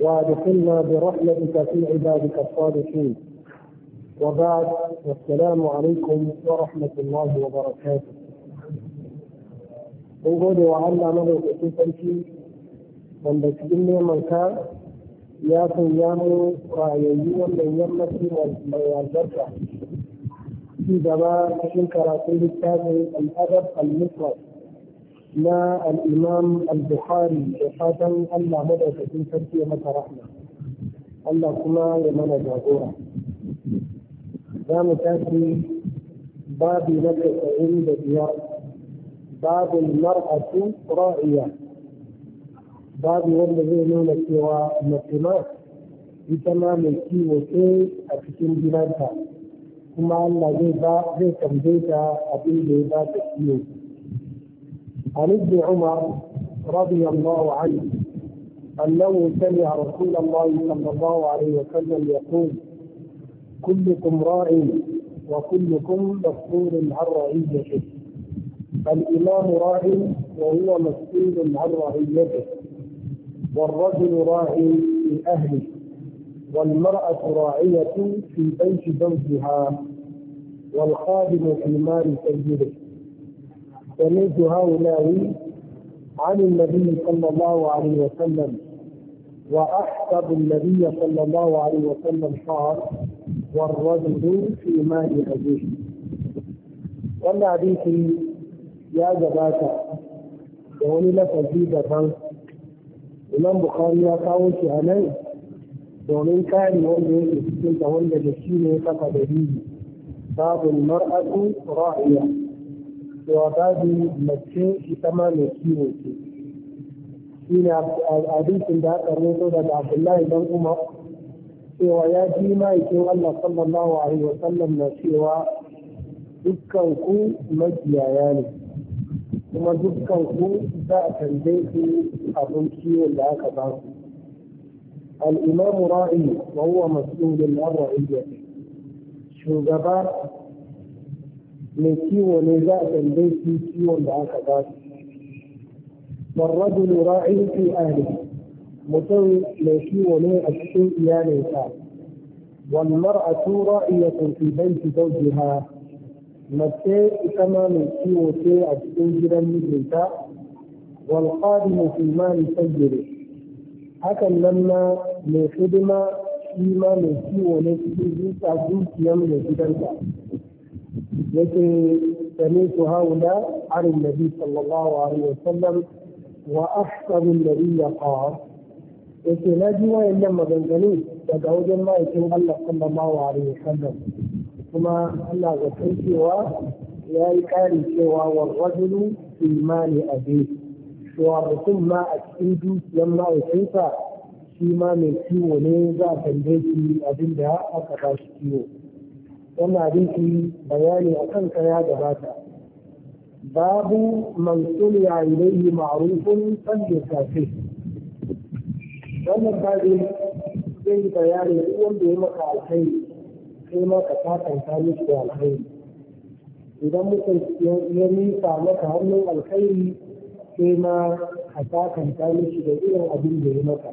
وادخلنا برحمتك في عبادك الصالحين وبعد والسلام عليكم ورحمة الله وبركاته أقول وعلى من يتكفي من بسلم من كان يا سيام رأيين من يمت من يالبركة في دماء شنك رسول الثاني الأدب المفرد na al'imam al-bukhari da fatan allah madaukakin sarki ya mata rahma allah kuma ya mana jagora za mu tafi babi na da biyar a mar'atu ra'iya babu wanda zai nuna cewa mace ma ita ma mai kiwo ce a cikin gidanta kuma allah zai tambaye ta abin da ya ba ta kiwo عن ابن عمر رضي الله عنه أنه سمع رسول الله صلى الله عليه وسلم يقول كلكم راع وكلكم مسؤول عن رعيته الإمام راع وهو مسؤول عن رعيته والرجل راع في أهله والمرأة راعية في بيت زوجها والخادم في مال سيده سمعت هؤلاء عن النبي صلى الله عليه وسلم واحسب النبي صلى الله عليه وسلم قال والرجل في مال ابيه قال عليك يا جباك يقول لك اجيب فان الامام بخاري يا قاوم في امان دومين كان يقول لك أنت السنه ولا بالشيء يتقى به باب المراه راعيه da babu mace ita ma mai kiwo ce shi ne abincin da aka rubuto daga abdullahi dan kuma. cewa ya ji ma'aikin allah sallallahu alaihi wa sallam na cewa dukkan ku makiyaya ne kuma dukkan za a canje ku abin kiwon da aka ba ku wa huwa masu مسؤول عن رعيته Shugaba. mai ciwo ne za a tambaye shi ciwon da aka ba su والرجل راع a أهله mutum mai kiwo ne a cikin iyalinsa Wannan a tura iya tafi banki ha, mace ita ma mai kiwo ce a cikin gidan mijinta walƙadi musulmani sajiri hakan nan na mai hidima shi ma mai kiwo ne cikin zuciya zuciyar mai gidansa yake sami'tu haula an nabi sallallahu alaihi wasallam wa ahsabu alladhi yaqal yake na ji wayannan maganganu daga wajen ma'aikin Allah sallallahu alaihi sallam, kuma Allah ga san cewa ya yi ƙari cewa wa rajulu imani abi cewa mutum ma a cikin dukiyar ma'aikinsa shi ma mai ciwo ne za a tambaye shi abin da aka ba shi ciwo wannan hadisi bayani a kansa ya gabata babu man suliya ilaihi ma'rufun sanda kafe wannan babu zai yi bayani duk wanda ya maka alkhairi sai maka ta kanta mishi da alkhairi idan mutum ya nisa maka hannun alkhairi sai ma ka ta kanta mishi da irin abin da ya maka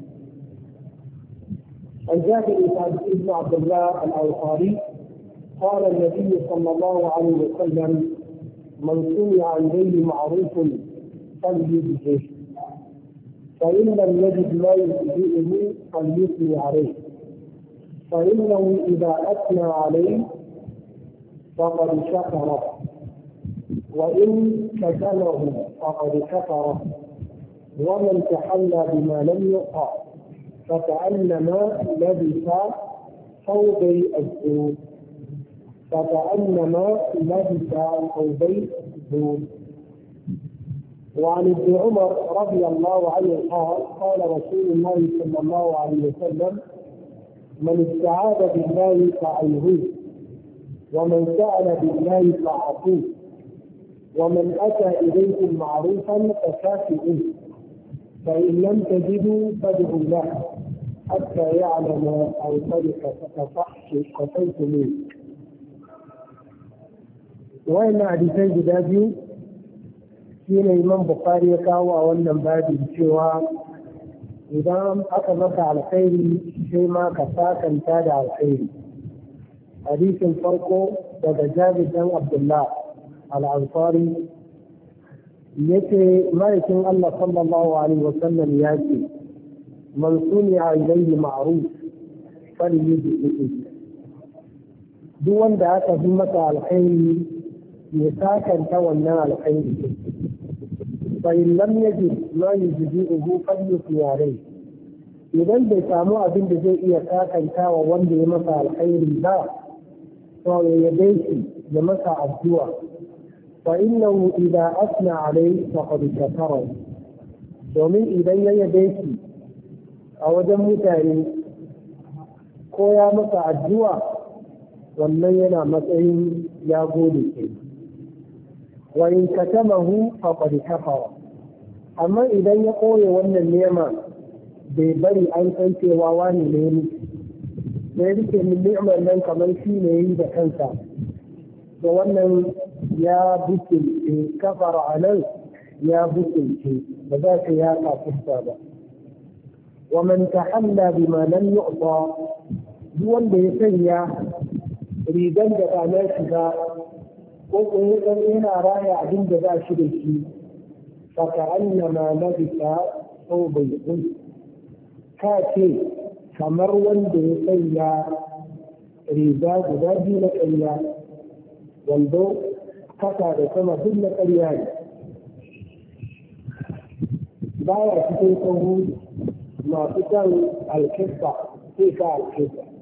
عن جابر بن عبد الله الانصاري قال النبي صلى الله عليه وسلم من سمع اليه معروف فليجزه فان لم يجد ما يجزئه فليثني عليه فانه اذا اثنى عليه فقد شكر وان كتمه فقد كفره ومن تحلى بما لم يقع فكانما لبس ثوبي الزور فكأنما لبس ثوبي السجود وعن ابن عمر رضي الله عنه قال قال رسول الله صلى الله عليه وسلم من استعاذ بالله فعلوه ومن سأل بالله فأعطوه ومن أتى إليكم معروفا فكافئوه فإن لم تجدوا فادعوا له حتى يعلم أو قد كفيتموه wayannan hadisai guda biyu shi ne imam bukari ya kawo a wannan babin cewa idan aka maka alkhairi sai ma ka sakanta da alkhairi hadisin farko daga jabir dan abdullah al-ansari yace ma'aikin Allah sallallahu alaihi wasallam ya ce man suniya ilayhi ma'ruf fal yujzi duk wanda aka bi masa alkhairi ya sakanta wannan alkhairi fa in lam yajid ma yujzi'uhu falyusyarai idan bai samu abin da zai iya sakantawa wanda ya masa alkhairi ba to ya yabe shi ya masa addu'a fa innahu idza asna alayhi faqad shakara domin idan ya yabe a wajen mutane ko ya masa addu'a wannan yana matsayin ya gode ke wa in katamahu faqad kafara amma idan ya koye wannan nema bai bari an san cewa wani ne ni da nan kamar shi ne yi da kansa da wannan ya bukilce kafara a nan ya bukilce ba za ka ya kafurta ba wa man tahalla bima lam yu'ta duk wanda ya sanya rigar da ba na shi ko kuma dan yana raya abin da za shi da shi fa ka'annama bai thawbay ka ce kamar wanda ya sanya riga guda biyu na ƙarya wando kasa da sama duk na ƙarya ne baya cikin sauri masu kan alkista sai ka alkista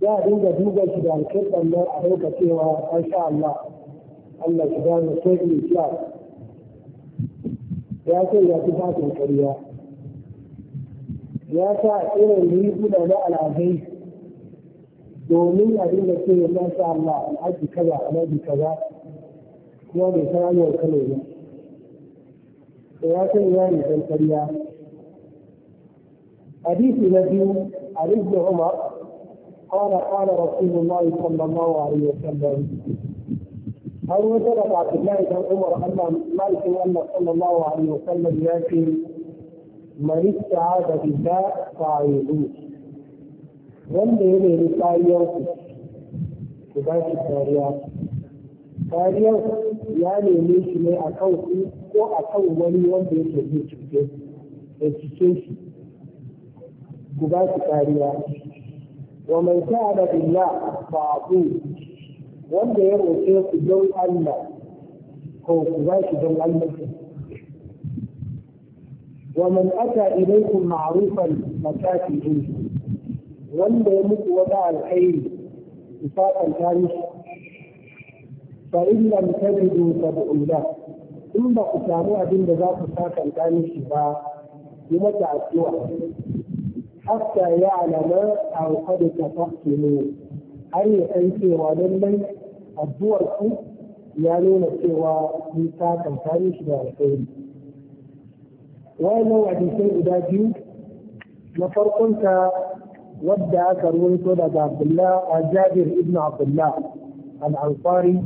za a dinga duba shi da alƙirɗan nan a ɗauka cewa an sha Allah Allah shi ba mu sai islam ya ce ya fi fatin ƙarya ya sa irin riguna na al'adai domin a dinga ce ya sha Allah alhaji kaza alhaji kaza kuma bai san hanyar kano ba da ya san ya ne ƙarya hadisi na biyu a rikin Umar قال قال رسول الله صلى الله عليه وسلم har wata عبد الله بن Umar Allah مالك Allah صلى الله عليه ya ce من استعاد billah fa'idu wanda ya nemi kariyar ku ku ba shi kariya kariyar ya nemi shi ne a kan ku ko a kan wani wanda ke zai cuce ya ku ba shi kariya wa man sha'ada billah fa'u wanda ya roƙe ku don Allah ko ku ba shi don Allah wa man ata ilaykum ma'rufan makatihi wanda ya muku wata alkhairi ku fatanta mishi fa in lam tajidu fad'u lahu in ba ku samu abinda da za ku sakanta mishi ba yi mata addu'a hatta ya alama a wakadu ta fasu ne har yi an cewa lallai addu'ar ku ya nuna cewa ni ta kankani shi da alkhairi wayannan hadisai guda biyu na farkon ta wadda aka ruwaito daga Abdullah a Jabir ibn Abdullah al-Ansari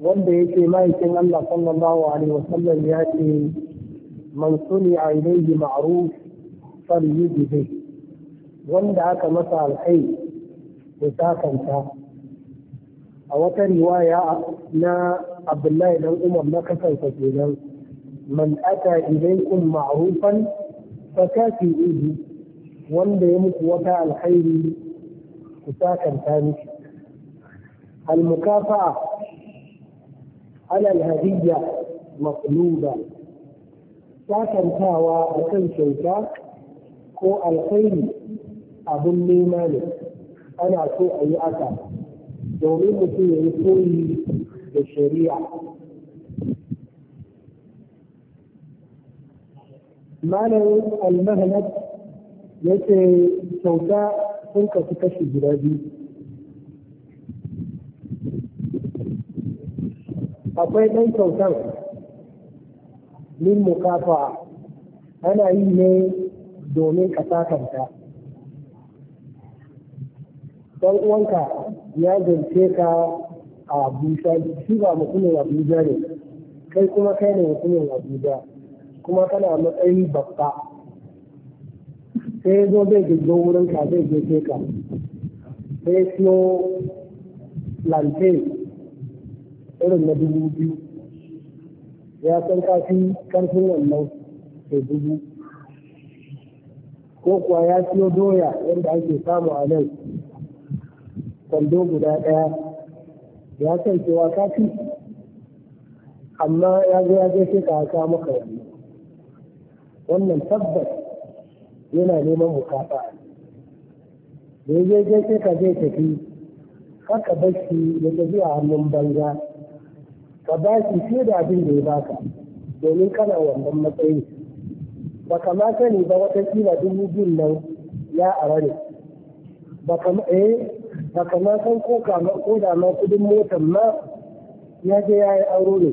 wanda yake ma'aikin Allah sallallahu alaihi wasallam ya ce man suni a ilaihi ma'ruf falyubi bihi wanda aka masa alhai ya sakanta a wata riwaya na abdullahi dan umar na kasanta kenan man ata ilaikum ma'rufan fa kafi'uhu wanda ya muku wata alkhairi ku sakanta miki المكافأة على الهدية مطلوبة sakantawa a kan kyauta ko alkhairi abin nema ne ana so a yi aka domin mutum ya yi koyi da shari'a malamin almahanat ya ce kyauta sun kasu kashi guda biyu akwai ɗan kyautar min mukafa ana yi ne domin kasakanta. dan uwanka ya zance ka a Abuja shi ba mutumin Abuja ne kai kuma kai ne mutumin Abuja kuma kana matsayin babba sai zo zai gizo wurin ka zai je ka sai siyo plantain irin na dubu biyu ya san kafi karfin wannan sai dubu ko kuwa ya siyo doya yadda ake samu a nan kwando guda ɗaya ya san cewa ka fi amma ya zo ya ka haka maka wani wannan tabbas yana neman mukafa da ya je sai ka zai tafi haka bashi ya tafi a hannun banza ka ba shi fiye da abin da ya baka domin kana wannan matsayi ba ma sani ba watakila dubu biyun nan ya arare ba kama eh haka na ko kama ko da kudin motar ma ya je ya yi aure ne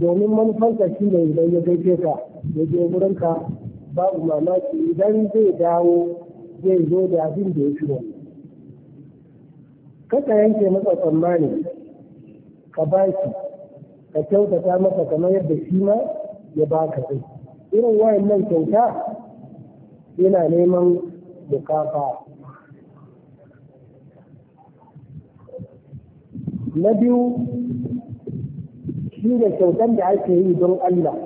domin manufanta shi ne idan ya gaje ka ya je wurin ka babu mamaki idan zai dawo zai zo da abin da ya fi wani kaka yanke masa tsammani ka ba shi ka kyautata masa kamar yadda shi ma ya ba ka zai. irin wayan nan kyauta yana neman bukafa na biyu shi ne kyautan da ake yi don Allah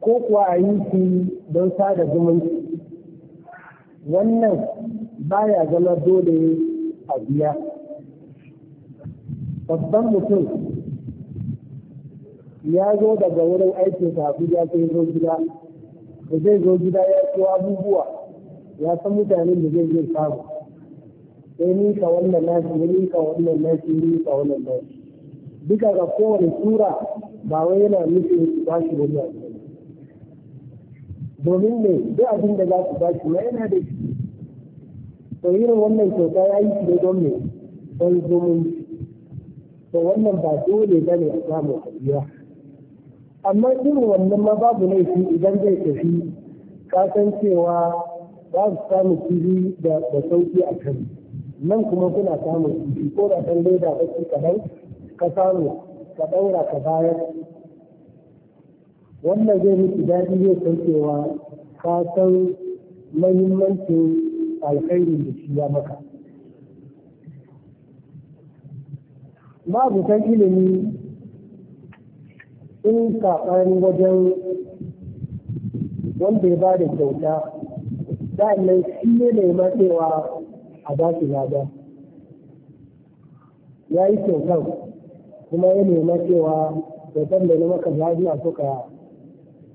ko kuwa a yi shi don sada zumunci wannan baya zama dole a biya babban mutum ya zo daga wurin aikin sabu ya sai zo gida da zai zo gida ya ciwo abubuwa ya san mutanen da zai zai samu ya mika wannan nashi ya ka wannan nashi ya ka wannan nashi duka ga kowane sura ba wai yana nufin ba shi wani abu domin ne duk abin da za su ba shi ma yana da shi to irin wannan kyauta ya yi shi da don me don zumunci to wannan ba dole ba ne a samu kariya amma irin wannan ma babu laifi idan zai tafi kasancewa cewa za su samu kiri da sauki a kan nan kuma kuna samun kifi ko da ɗan leda baki kaɗan ka samu ka ɗaura ka bayar wannan zai miki daɗi zai san cewa ka san mahimmancin alkhairin da shi ya maka babu san ilimi in wajen wanda ya ba da kyauta sa'annan shi ne mai matsewa a ba lada ya yi kyautar kuma ya nema cewa kyautar da na maka zaɗi a suka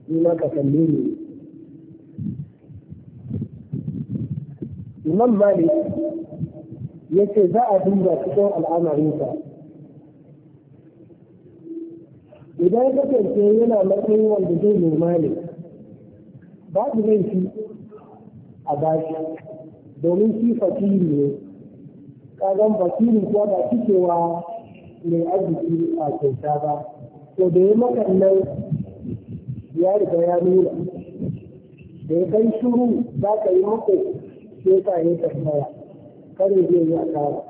yi maka kalli ne imam malik ya ce za a duba cikin al'amarinsa idan ya kasance yana matsayin wanda zai nema ne babu laifi a bashi domin shi fakiri ne kagan fakiri kuwa ba cikewa mai arziki a kyauta ba to da ya makannan ya riga ya nuna da ya kai shuru za ka yi mako sai ka yi tambaya kare zai yi a kara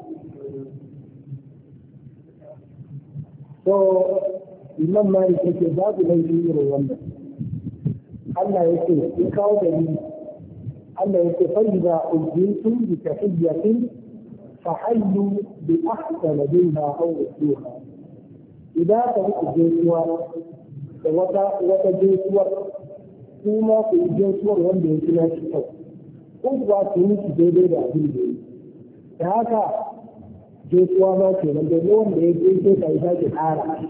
to imam malik yake babu laifi irin wannan Allah ya ce in kawo dalili Allah ya ce fa'ida ujjitum bi tahiyyatin fa'allu bi ahsana minha aw rusuha idan ka yi gaisuwa da wata wata kuma ku yi wanda ya kira shi kyau ko kuwa ku yi shi daidai da abin da ya yi da haka gaisuwa ma ke nan da wanda ya gaishe ka ya sake ƙara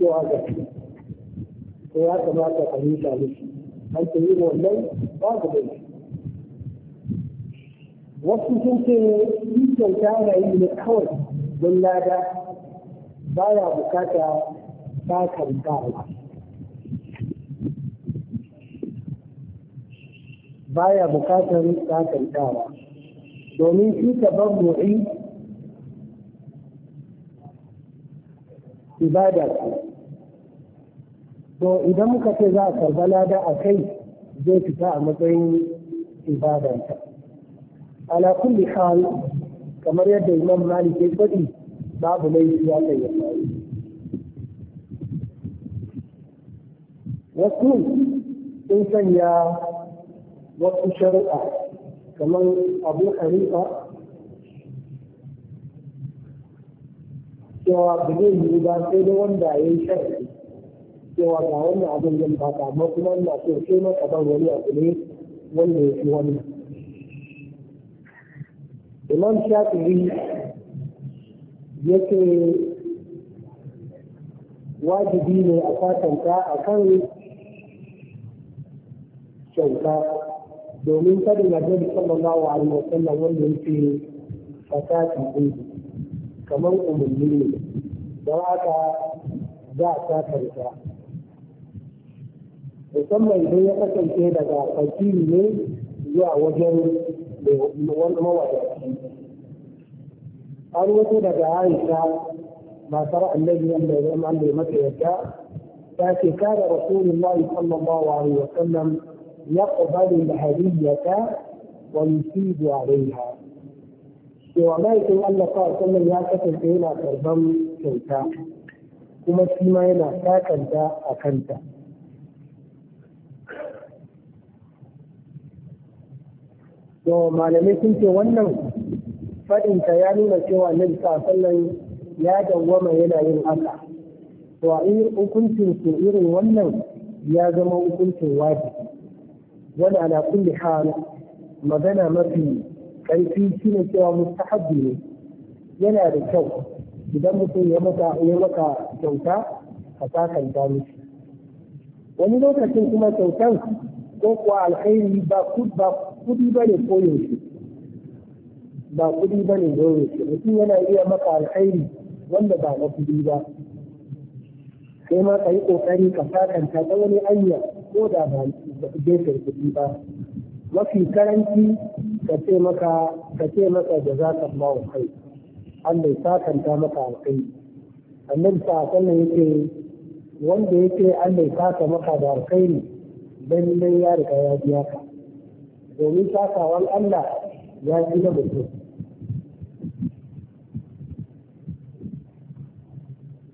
cewa ga shi to ya kamata ka yi ta mishi an ta yi wannan ba ku da shi wasu sun ce ikon ta ana yi ne kawai don lada ba ya bukata ta karɓa aiki ka bukatar ba domin shi tabarru'i ibada ce to idan muka ce za a karba lada a kai zai fita a matsayin ibadanta ala kulli hal kamar yadda imam malik ya faɗi babu laifi ya kai ya faru wasu sun sanya wasu shari'a kamar abu hanifa cewa ba zai yi ba sai da wanda ya yi shari'a cewa ga wannan abin yin ba amma kuma na so sai maka ban wani abu ne wanda ya fi wannan imam shafi'i yake wajibi ne a kwatanta a kan kyauta domin na annabi sallallahu alaihi wa sallam wanda yake fasati din kamar umarni ne don haka za a kwatanta musamman idan ya kasance daga fakiri ne zuwa wajen قال وكيف عائشة ما ترى الذي يمنع عن مكة لكن كان رسول الله صلى الله عليه وسلم يقبل الهدية ويثيب عليها وما يكون أن صلى الله عليه وسلم يأكل فينا كربم كنتا وما فيما ينا كنتا أكنتا to malamai sun ce wannan faɗinta ya nuna cewa nan sallan ya dawwama yana yin haka to a irin hukuncin su irin wannan ya zama hukuncin wajibi wani ala kulli hal magana mafi karfi shine cewa mustahabbi ne yana da kyau idan mutum ya maka ya maka kyauta ka sakanta mishi wani lokacin kuma kyautan ko kuwa alkhairi ba ba kudi ba ne shi ba kudi ba ne shi mutum yana iya maka alkhairi wanda ba na kudi ba sai ma ka yi ƙoƙari ka sakanta ta wani anya ko da ba gefen kudi ba mafi karanci ka ce maka ka ce maka da za ka ma kai Allah ya sakanta maka alkhairi annabi ta sallan yake wanda yake Allah ya saka maka da alkhairi dan dan ya riga ya biya ka ومن شاطر والأملا لا يعلم الجهل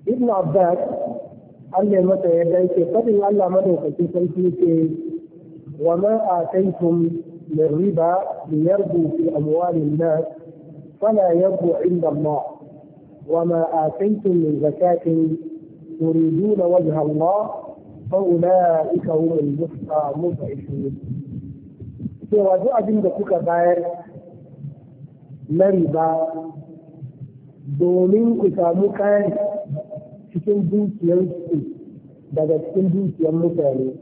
ابن عباس قال لي متى يديك قد الا مدوك في كيف وما اتيتم من ربا ليربو في اموال الناس فلا يربو عند الله وما اتيتم من زكاه تريدون وجه الله فاولئك هم المستمضعفون cewa duk abin da kuka bayar na riba domin ku samu kayan cikin dukiyarsu daga cikin dukiyar mutane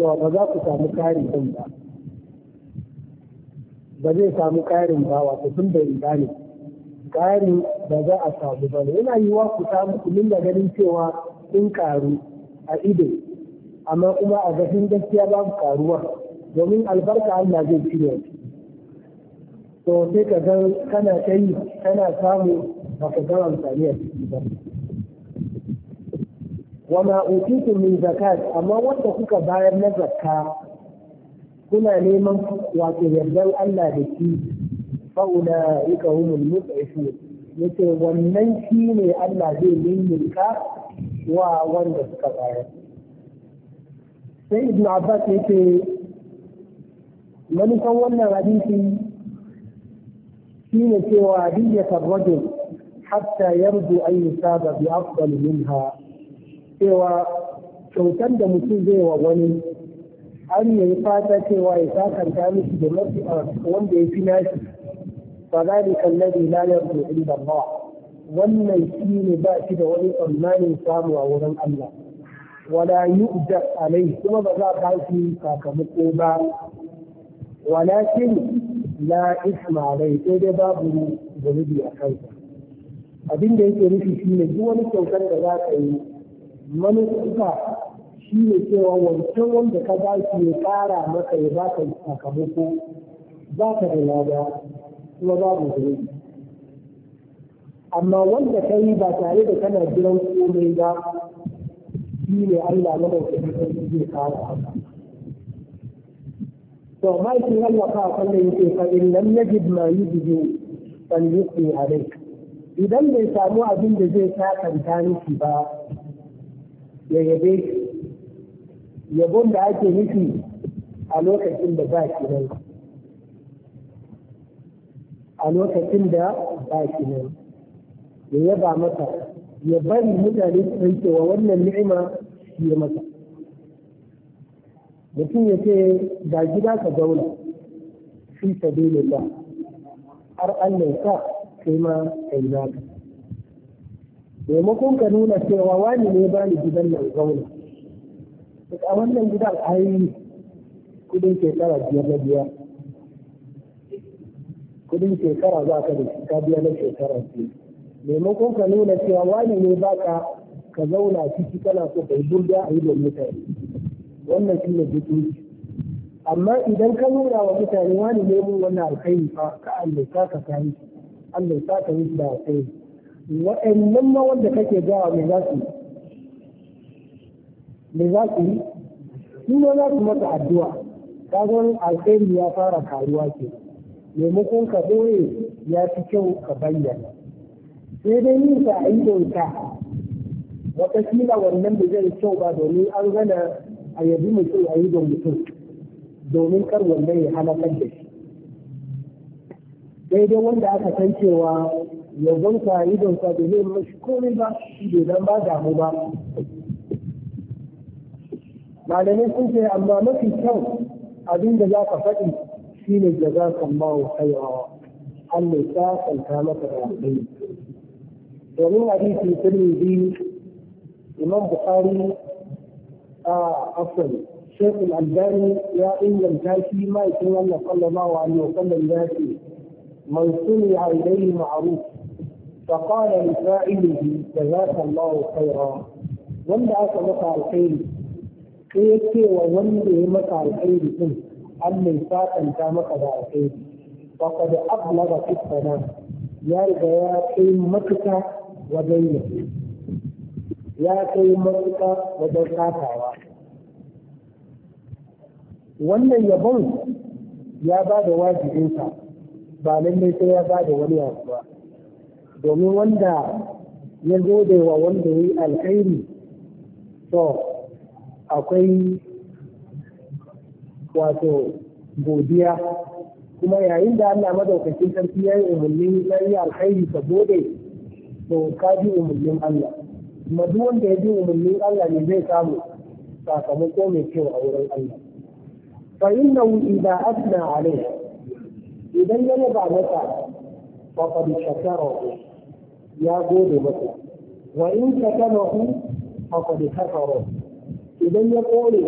to ba za ku samu kari ɗin ba ba zai samu ƙarin ba wato tun da riba ne Ƙarin da za a samu ba ne yana yiwuwa ku samu ku dinga ganin cewa kun karu a ido amma kuma a gashin gaskiya babu karuwa domin albarka Allah zai cire to sai ka ga kana ta yi kana samu baka ga amfani a ciki ba wa utitu min zakat amma wanda kuka bayar na zakka kuna neman wato yardar Allah da shi fa ulaika humul mut'ifun yace wannan shi ne Allah zai ka? wa wanda suka bayar sai ibn abbas yace manufan wannan hadisi shi ne cewa diyyatar rajul hatta yardu an yusaba bi afdal minha cewa kyautar da mutum zai wa wani an yayi fata cewa ya sakanta mishi da mafi wanda ya fi nashi fa zalika alladhi la yarju inda Allah wannan shi ne ba shi da wani tsammanin samu a wurin Allah wala yu'da alai kuma ba za ba shi sakamako ba walakin na isma rai sai dai babu zunubi a kansa abin da yake nufi ne duk wani kyautar da za ka yi manufa shi ne cewa wancan wanda ka ba shi ya kara maka ya ba ka sakamako za ka da lada kuma babu zunubi amma wanda ka yi ba tare da kana jiran komai ba shi ne Allah madaukakin kai zai kara haka to ma yake wallafa a kan da yake fa in lam yajid ma yujidi fal yuqi alayk idan bai samu abin da zai kanta miki ba ya yabe shi yabon da ake nufi a lokacin da ba shi nan a lokacin da ba shi nan ya yaba mata ya bari mutane su wa wannan ni'ima shi ya mata mutum ya ce ga gida ka zauna fi sabili ba har an ne ka kai ma kai naka maimakon ka nuna cewa wani ne ba ni gidan nan zauna a wannan gidan yi kudin shekara biyar na biyar kudin shekara za ka da ka biya na shekara biyu maimakon ka nuna cewa wani ne ba ka ka zauna ciki kana so kai burga a yi domin mutane wannan shi ne dukunci amma idan ka nuna wa mutane wani ne wani wannan alkhairi fa ka Allah ka ka kai Allah ka ka yi da alkhairi wa'annan ma wanda kake gawa me za su me za su yi ne za su maka addu'a ka ga alkhairi ya fara karuwa ke maimakon ka boye ya fi kyau ka bayyana sai dai yin sa a yi ka wata kila wannan da zai kyau ba domin an gana a yabi mutum a yi da mutum domin kar wanda ya halakar da shi daidai wanda aka san cewa yanzu a yi don ka da zai mashi komai ba shi bai dan ba damu ba malamai sun ce amma mafi kyau abin da za ka faɗi shi ne da za ka mawa kaiwa Allah ta kanta maka da kai domin hadisi turmi biyu imam bukari afwan Sheikh Al-Albani ya inganta shi ma yakin Allah sallallahu alaihi wa sallam ya ce man sunya ilayhi ma'ruf fa qala li fa'ilihi jazakallahu khairan wanda aka maka alkhairi sai ya ce wa wanda ya maka ɗin, an Allah ya sakanta maka da alkhairi faqad ablagha fi salam ya riga ya kai matuka wajen ya kai matuka wajen katawa wannan yabon ya ba da wajibinsa ba lallai sai ya ba da wani abu ba domin wanda ya gode wa wanda ya yi alkhairi to akwai wato godiya kuma yayin da Allah madaukakin sarki ya yi umarnin ya yi alkhairi ka gode to ka ji umarnin Allah kuma duk wanda ya ji umarnin Allah ne zai samu sakamako mai kyau a wurin Allah fa innahu idza asna alayhi idan ya yaba masa fa qad shakara ya gode masa wa in shakarahu fa qad kafara idan ya kore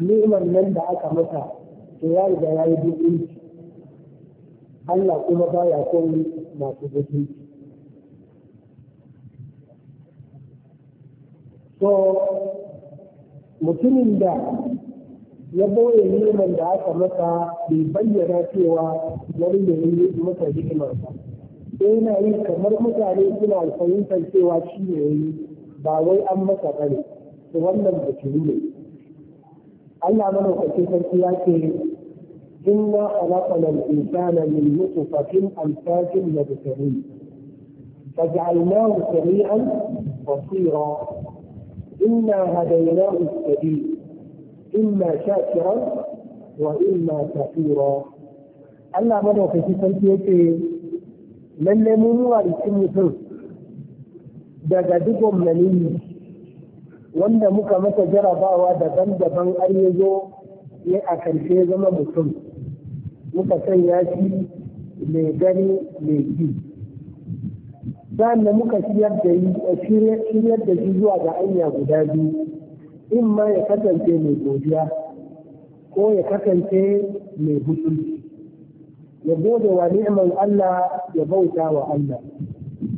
ni'man nan da aka masa to ya riga ya yi dukunci Allah kuma baya son masu dukunci so mutumin da ya boye neman da aka masa bai bayyana cewa wani ne yi masa hikimar ba sai yana yi kamar mutane suna fahimtar cewa shi ne yi ba wai an masa bane to wannan bashiri ne Allah mana kwace sarki ya ce inna khalaqana al-insana min nutfatin amsajin nabtari فجعلناه سميعا بصيرا إنا هديناه السبيل إما شاكرا وإما كفورا Allah madaukaki sarki yake lalle mun yi warikin mutum daga dukkan maniyi wanda muka masa jarabawa daban-daban an ne zo ya a karshe zama mutum muka sanya shi mai gani mai ji sa'an da muka shiryar da shi zuwa ga anya guda biyu in ma ya kasance mai godiya ko ya kasance mai hutunci ya gode wa ni'imar Allah ya bauta wa Allah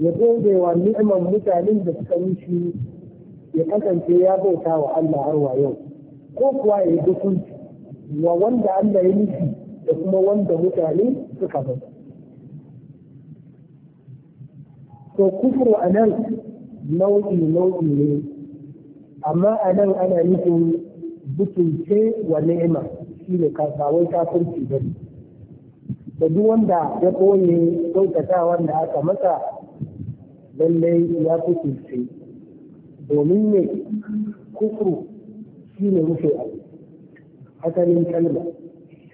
ya gode wa ni'imar mutanen da suka mishi ya kasance ya bauta wa Allah har wa yau ko kuwa ya yi hutunci wa wanda Allah ya nufi da kuma wanda mutane suka bauta to a nan nau'i nau'i ne amma a nan ana nufin ce wa ni'ima shi ne ba wai kafirci ba da duk wanda ya koye kyautata da aka masa lallai ya kusurce domin ne kufru shi ne rufe abu asalin kalma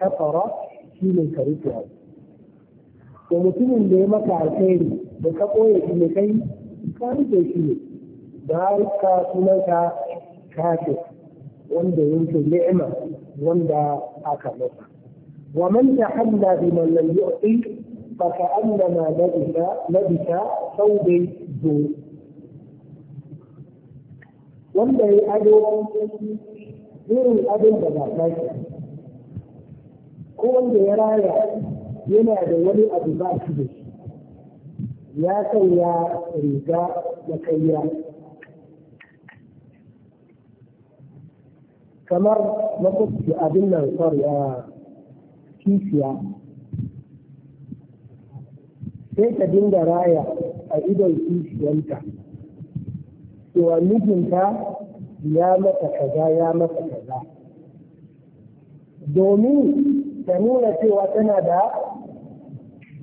kafara shi ne ka rufe abu to mutumin da ya maka alkhairi da ka koye shi ne kai ka rufe shi ne barka sunanka kafe wanda yake ni'ima wanda aka masa wa man tahalla biman lam yu'ti fa na labisa labisa thawbay zo. wanda ya ado irin abin da ba ta ko wanda ya raya yana da wani abu ba shi da shi ya sanya riga da kayya kamar makwabci abin nan sorry a kishiya sai ta dinga raya a idon kishiyanta cewa mijinta ya mata kaza ya mata kaza domin ta nuna cewa tana da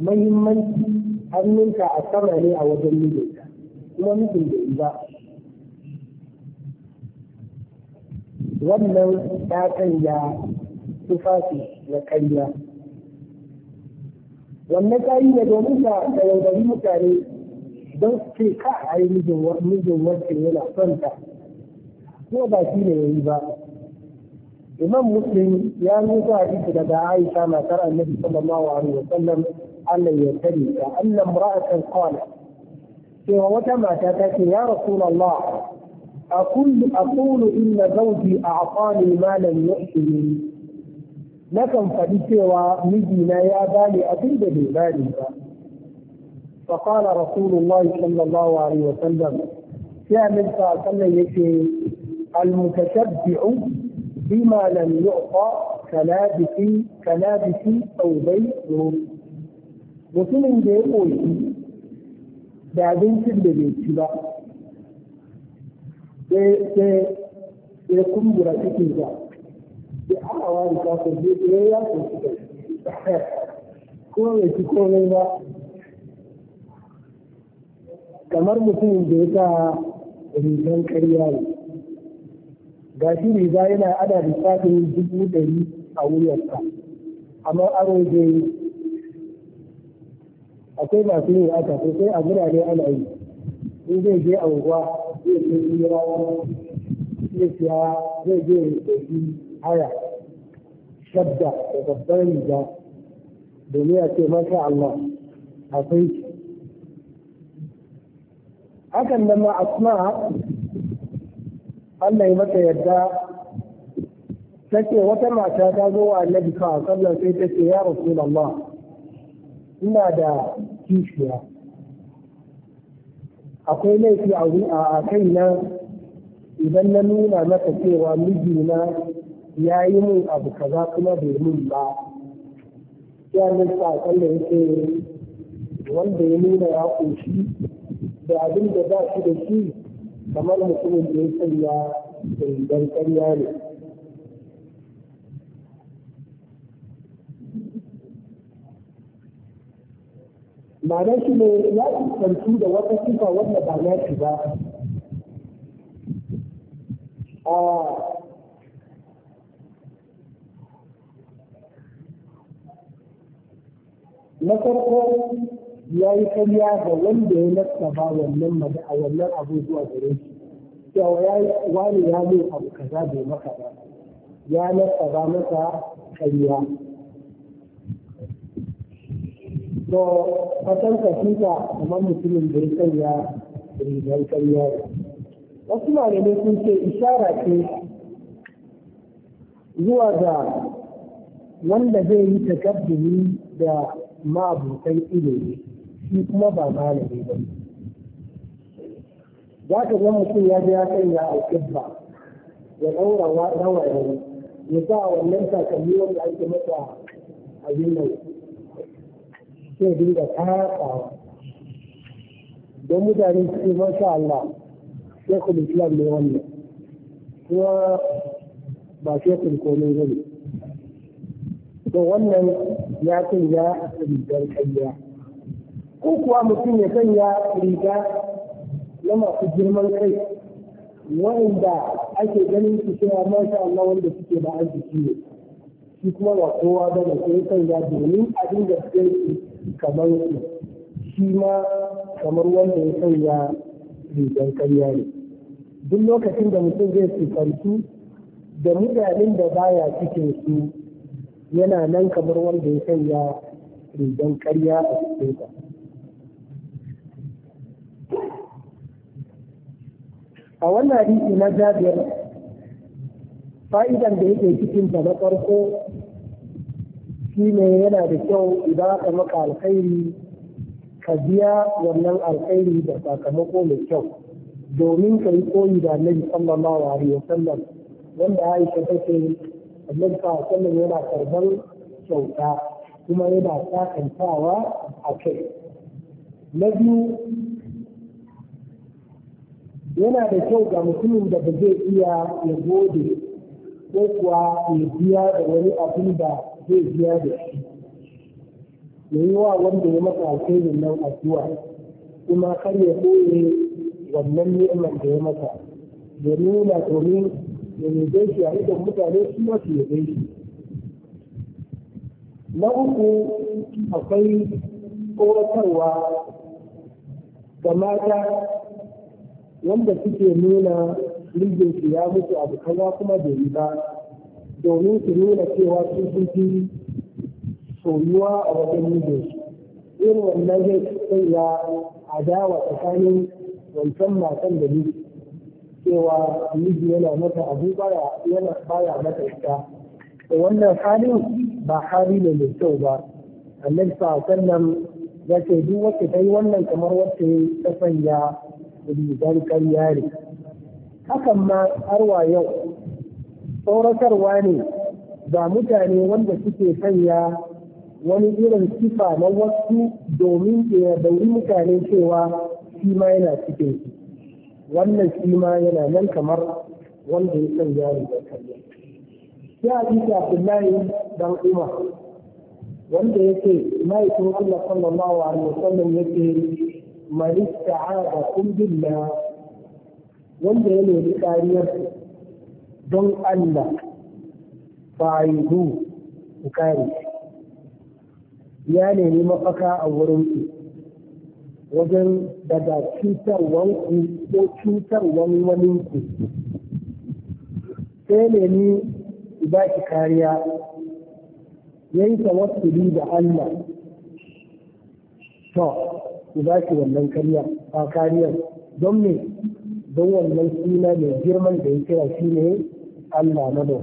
mahimmanci hannunka a sama ne a wajen mijinta kuma mijin da ba wannan ta canja tufafi na karya wannan kayi ne domin ta da yaudari mutane don su ce ka a yi mijin wancan yana son ta ko ba shi ne ya yi ba imam muslim ya nuka hadisi daga aisha matar annabi sallallahu alaihi wa sallam Allah ya tare ta annam ra'atan qala cewa wata mata ta ce ya rasulullah أقول أقول إن زوجي أعطاني ما لم لكن نكم فديتوا مدينا يا بالي أبيد بذلك فقال رسول الله صلى الله عليه وسلم يا من صلى يكي المتشبع بما لم يعطى كلابس كلابس ثوبي بيت مسلم da بعدين koyi da sai ya kumbura cikin da ya ana wani kafin zai ya ya kunshi kai kuma bai ci komai ba kamar mutumin da ya sa rigan karya ne ga shi riga yana ana lissafin dubu ɗari a wuyarsa amma aro zai akwai masu yin haka sosai a birane ana yi in zai je a unguwa. zai ce tsira zai siya zai je ya ɗauki haya shadda da babbar riga domin ya ce Allah akwai hakan nan ma asma Allah ya mata yadda ce wata mata ta zo wa annabi sallallahu alaihi sai ta ce ya rasulullah ina da kishiya akwai laifi a kaina idan na nuna maka cewa mijina ya yi min abu kaza kuma bai min ba ya nufa sa kallon yake wanda ya nuna ya ƙunshi da abin da ba shi da shi kamar mutumin da ya sanya da idan ƙarya ne ma'anar shi ne ya da wata sifa wanda ba na shi ba na farko ya yi karya ga wanda ya nasta ba wannan a wannan abubuwa da gare yawa ya yi wani ya ne abu kaza bai maka ba ya nasta ba masa karya to fatan shuka kamar mutumin da ya sanya rigar karya wasu malamai sun ce isara ce zuwa ga wanda zai yi takaddumi da ma'abutan ilimi shi kuma ba malami ba za ka ga mutum ya ji ya sanya alƙibba ya ɗaura rawaye ya sa wannan takalmi wanda ake masa abin nan sai dinga kaɗawa don mutane su masha Allah sai shekul islam ne wannan kuma ba shekul komai ba ne to wannan ya sanya rigar kanya ko kuwa mutum ya sanya riga na masu girman kai wanda ake ganin su suna masha Allah wanda suke ba arziki ne shi kuma ba kowa ba ne sai sanya domin a dinga sai kamar ku shi ma kamar wanda ya sanya rigar karya ne duk lokacin da mutum zai sifantu da mutanen da baya cikin su yana nan kamar wanda ya sanya rigar karya a cikin sa a wannan hadisi na jabir fa'idan da yake cikin ta na farko shi ne yana da kyau idan aka maka alkhairi ka biya wannan alkhairi da sakamako mai kyau domin ka yi koyi da annabi sallallahu alaihi sallam wanda Aisha take annabi sallallahu alaihi yana karban kyauta kuma yana sakantawa a kai na biyu yana da kyau ga mutumin da ba zai iya ya gode ko kuwa ya biya da wani abin da zai biya da shi ya yi wa wanda ya masa alkhairin nan addu'a kuma kar ya koye wannan ni'imar da ya masa ya nuna domin ya yabe shi a idan mutane su ma su yabe shi na uku akwai tsoratarwa ga mata wanda suke nuna su ya mutu abu kaza kuma bai yi ba domin su nuna cewa su sun fi soyuwa a wajen mijin irin wannan zai sanya adawa tsakanin wancan matan da ni cewa miji yana mata abu yana baya mata ita da wannan halin ba hali ne mai kyau ba annabi sa sallam ya ce duk wacce ta yi wannan kamar wacce ta sanya rigar karya hakan ma har wa yau tsoratarwa ne ba mutane wanda suke sanya wani irin sifa na wasu domin ya dauri mutane cewa shi ma yana cikin su wannan shi ma yana nan kamar wanda ya sanya ne da kalli ya hadisi abdullahi dan umar wanda yake mahaifin Allah sallallahu alaihi wasallam yake man ista'ada kun billah wanda ya nemi kariyar don Allah fa'idu ku kare ya nemi mafaka a wurin ku wajen daga cutarwan ku ko cutarwan wani ku sai nemi ku ba ki kariya yanke wasuli da Allah to ku ba shi wannan kariya a kariyar don me don wannan suna mai girman da ya kira shi ne Allah na da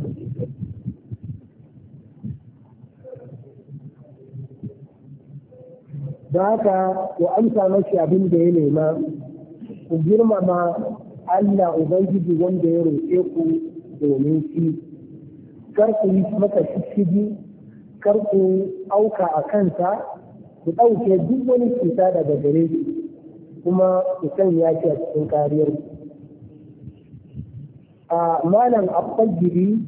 Da haka ku amsa mashi abin da ya nema, ku girmama Allah Ubangiji wanda ya roƙe ku domin shi, kar ku yi masa shishigi, kar ku auka a kansa, ku ɗauke duk wani cuta daga gare shi, kuma ku sanya shi a cikin kariyarku. a malam abdulgiri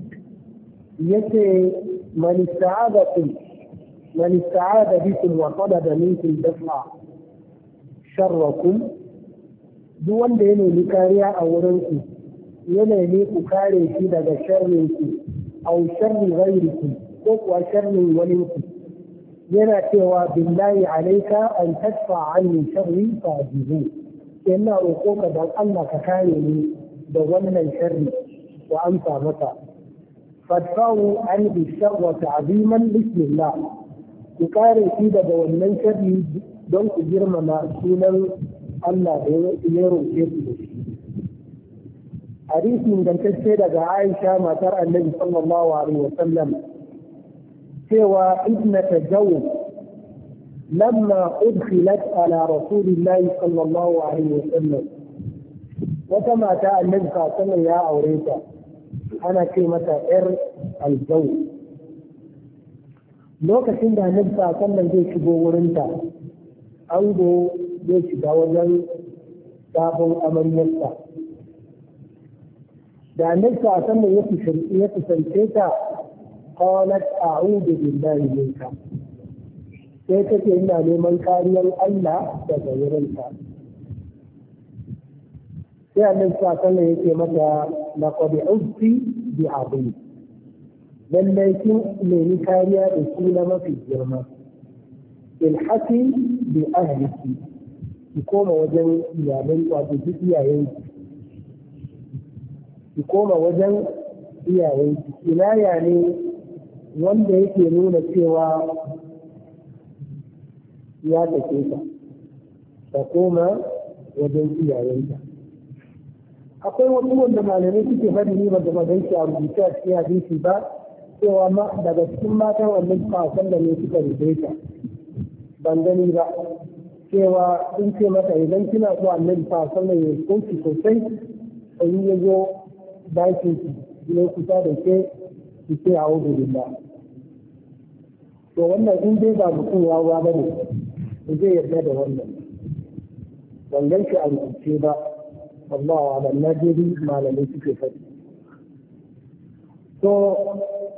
ya ce man da bikum wa da minkum dafa sharrakun duk wanda ya nemi kariya a wurinku ya nemi ku kare shi daga sharrinku au sharrin rairiku ko kuwa sharrin walinku yana cewa billahi alaika an tashfa anni sharri fa ina roƙo ka dan Allah ka kare ni da wannan sharri wa amsa masa fadfa'u an bi sharwa ta'ziman bismillah ku kare shi daga wannan sharri don ku girmama sunan Allah da ya roƙe ku da shi hadisi ingantacce daga Aisha matar Annabi sallallahu alaihi wa sallam cewa ibna tajawuz لما أدخلت على رسول الله صلى الله عليه وسلم wata mata annabi sallallahu ya aure ta ana ce mata yar aljau lokacin da annabi sallallahu zai shigo wurinta ango zai shiga wajen sabon amaryarsa da annabi sallallahu ya kusance ta a a'udhu billahi minka sai take ina neman kariyar Allah daga wurinta sai annabi sa sallan yake mata kwabi ausi bi azim lallai kin nemi kariya da shi na mafi girma ilhaki bi ahliki ki koma wajen iyalan wato duk iyayenki ki koma wajen iyayenki kinaya ne wanda yake nuna cewa ya take ka ta koma wajen ka. akwai wasu wanda malamai suke fadi ne ba da maganci a rubuce a cikin hadisi ba cewa ma daga cikin matan wannan kwasan da ne suka rubuce ta ban gani ba cewa sun ce mata idan kina so annabi kwasan da ya kunki sosai in ya zo bakin ki ya kusa da ke ki ce a wudu billah to wannan in dai ba mutum wawa ba ne zai yarda da wannan ban gan shi a rubuce ba Allah da najeri malamai suke faɗi. To,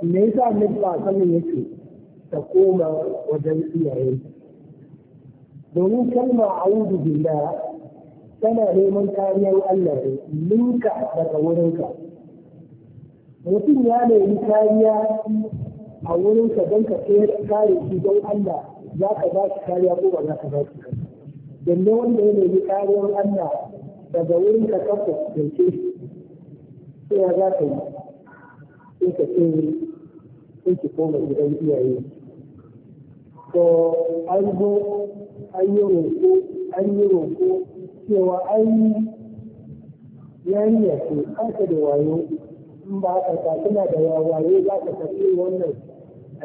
me yasa annabi ba sanin yake ta koma wajen iyaye. Domin kalma a'udhu billah tana neman kariyar Allah ne, ninka daga wurinka. Mutum ya nemi kariya a wurinka don ka kare shi don Allah za ka ba shi kariya ko ba za ka ba shi. Yanne wanda ya nemi kariyar Allah daga wurin ka kafa dauke shi sai ya za ka yi sai ka ce sai ki koma gidan iyaye to an zo an yi roƙo an yi roƙo cewa an yi yariya ce an ka da wayo in ba ka ta tana da wayo za ka tafi wannan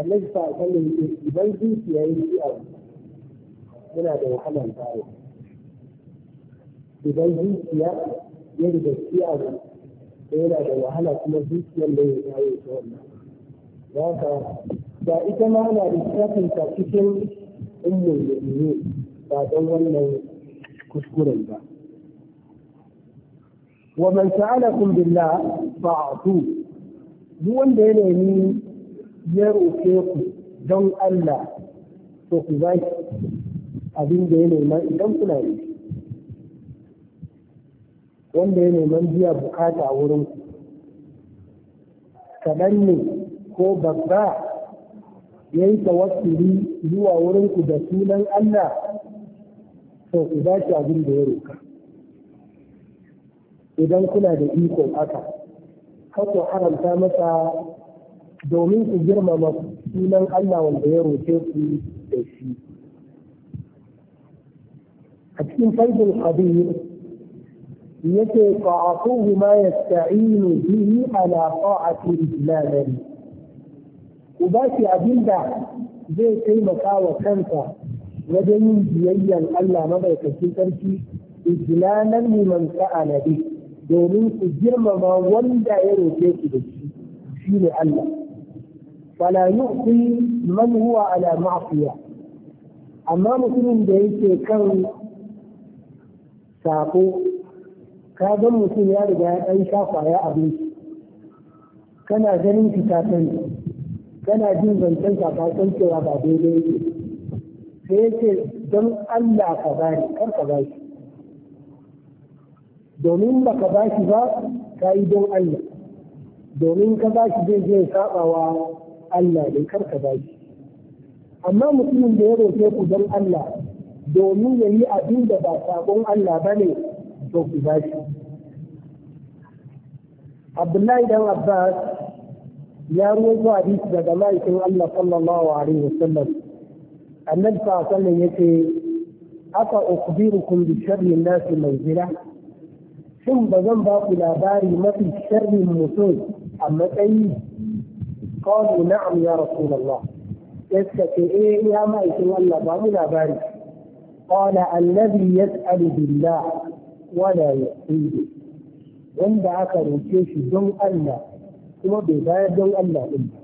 annabi sa sallallahu alaihi wasallam idan zuciya yi abu yana da wahalar tsari idan zuciya ya rigaski abu da yana da wahala kuma zuciyar da ya dawo ta wannan za ka ba ita ma na lissafin ta cikin ummul mu'mini ba don wannan kuskuren ba wa man billa billah fa'atu duk wanda ya nemi ya roƙe ku don Allah to ku ba shi abinda ya nema idan kuna yi wanda ya neman biya bukata a wurin ku kaɗan ne ko babba ya yi tawassuli zuwa wurin ku da sunan Allah to ku ba shi abin da ya roka idan kuna da ikon haka kaku haramta masa domin ku girmama sunan Allah wanda ya roke ku da shi a cikin faidul yi. yake ta'atuhu ma yasta'inu bihi ala ta'ati rijlanan ku ba abinda zai taimaka wa kansa wajen yin biyayyan Allah madaukakin sarki ijlanan liman sa'ala bi domin ku girmama wanda ya roƙe ku da shi shine Allah fala yu'ti man huwa ala ma'siya amma mutumin da yake kan sako ka ga mutum ya riga ya ɗan sha ƙwaya abinci kana ganin ki kana jin zancen ka ka san cewa ba daidai yake sai yake don Allah ka bani kar ka bashi domin ba ka bashi ba ka yi don Allah domin ka bashi zai je sabawa Allah ne kar ka bashi amma mutumin da ya roke ku don Allah domin ya yi abin da ba sabon Allah ba ne شوف عباس عبد الله بن عباس يا روزا حديث بعد الله يقول الله صلى الله عليه وسلم أن النبي صلى الله عليه وسلم أتى أخبركم بشر الناس منزلة ثم بزن إلى باري ما في الشر المسود أما أي قالوا نعم يا رسول الله يسكت إيه يا ما يقول الله بعد باري قال الذي يسأل بالله wala yaqulu wanda aka roƙe shi don Allah kuma bai bayar don Allah ɗin ba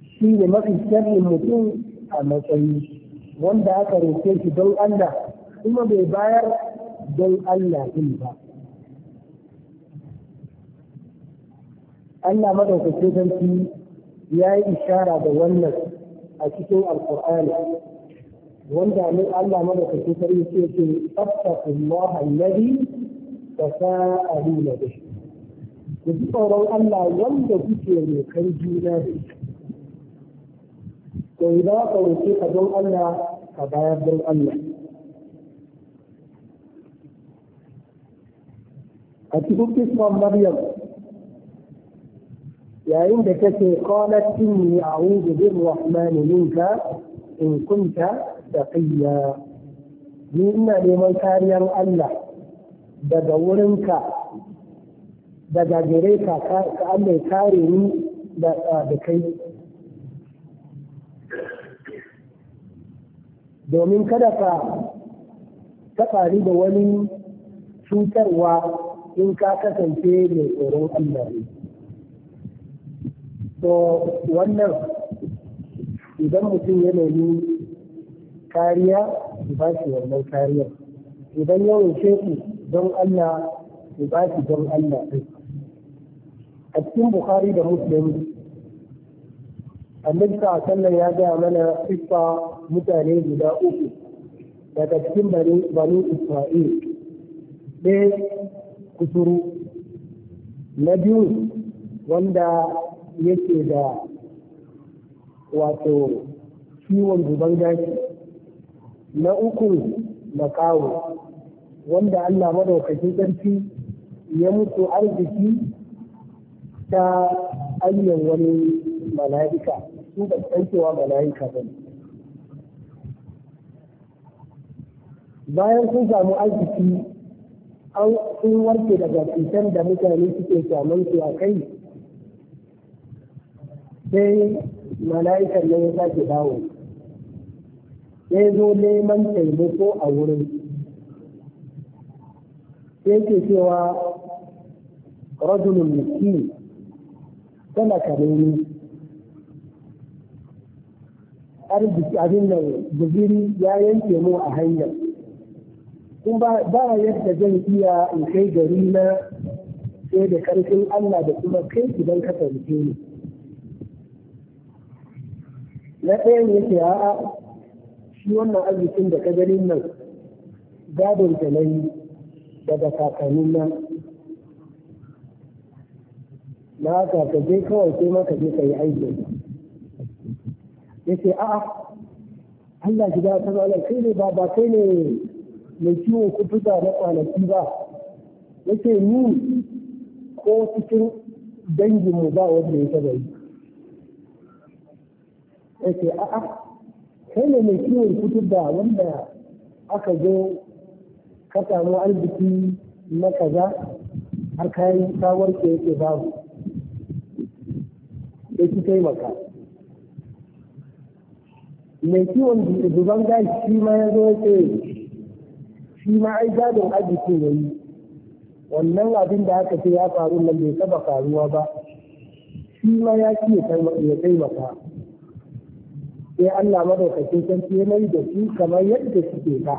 shi ne mafi sharrin mutum a matsayi wanda aka roƙe shi don Allah kuma bai bayar don Allah ɗin ba Allah madaukakin sarki ya yi ishara da wannan a cikin alkur'ani وانت الله مرة في سريه فاتقوا الله الذي تساءلون به وذكر الله وانت في خير به وإذا قلت أدعو الله فبعد الله أتبوك اسم مريم يا عندك قالت إني أعوذ بالرحمن منك إن كنت taqiyya ni ina neman kariyar Allah daga wurinka daga gare ka Allah ya kare ni da da kai domin kada ka tsari da wani cutarwa in ka kasance mai tsoron Allah ne. To wannan idan mutum ya nemi kariya ki ba shi wannan kariyar idan ya wuce don Allah ki ba shi don Allah ɗin a cikin Bukhari da Muslim annabi ta ya gaya mana sifa mutane guda uku daga cikin bani Isra'il ɗaya kusuru na biyu wanda yake da wato ciwon guban gashi na uku makawo wanda Allah madaukakin sarki ya mutu arziki ta hanyar wani mala'ika su da tsankewa mala'ika ba bayan sun samu arziki an sun warke daga cutar da mutane suke samun su a kai sai mala'ikar nan ya sake dawo sai zo neman taimako a wurin sai ke cewa rajulun miskin tana kareni arziki abin da jiziri ya yanke mu a hanyar kun ba yadda zan iya in kai gari na sai da karfin Allah da kuma kai idan don fahimce ni na ne ke a'a shi wannan arzikin da ka nan gadon da nayi daga kakannin nan na haka ka je kawai sai maka je ka yi aiki ya ce a'a Allah shi da ta zala kai ne ba ba kai ne mai ciwon kututa na kwanaki ba ya ce ni ko cikin danginmu ba wanda ya taba yi ya ce a'a kai ne mai kiwon kutu da wanda aka zo ka samu arziki na kaza har kayan sawar ke yake babu da ki taimaka mai kiwon zuban gashi shi ma ya zo yake shi ma ai gadon arzikin ya yi wannan abin da aka ce ya faru nan bai taba faruwa ba shi ma ya ce ya taimaka sai Allah madaukakin san ya mai da su kamar yadda suke ba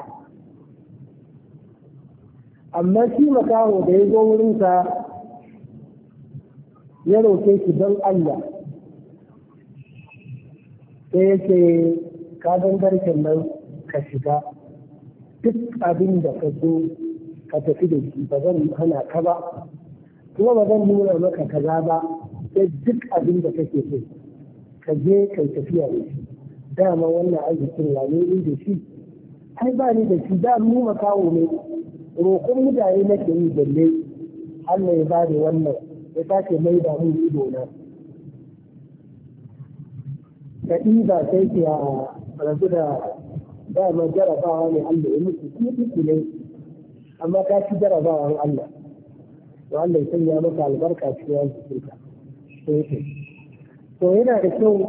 amma shi makaho da ya zo wurinsa ya roƙe shi don Allah sai ya ce ka dangarken nan ka shiga duk abin da ka zo ka tafi da shi ba zan hana ka ba kuma ba zan nuna maka kaza ba sai duk abin da kake so ka je kai tafiya da shi dama wannan arzikin ya ne da shi ai ba ni da shi da mu makawo ne roƙon mutane nake yi balle Allah ya bada wannan ya sake mai da mu ido na ka ba sai ke a rabu da dama jarabawa ne Allah ya muku kuɗi ne amma ka ci jarabawan Allah to Allah ya sanya maka albarka cikin ka to yana da kyau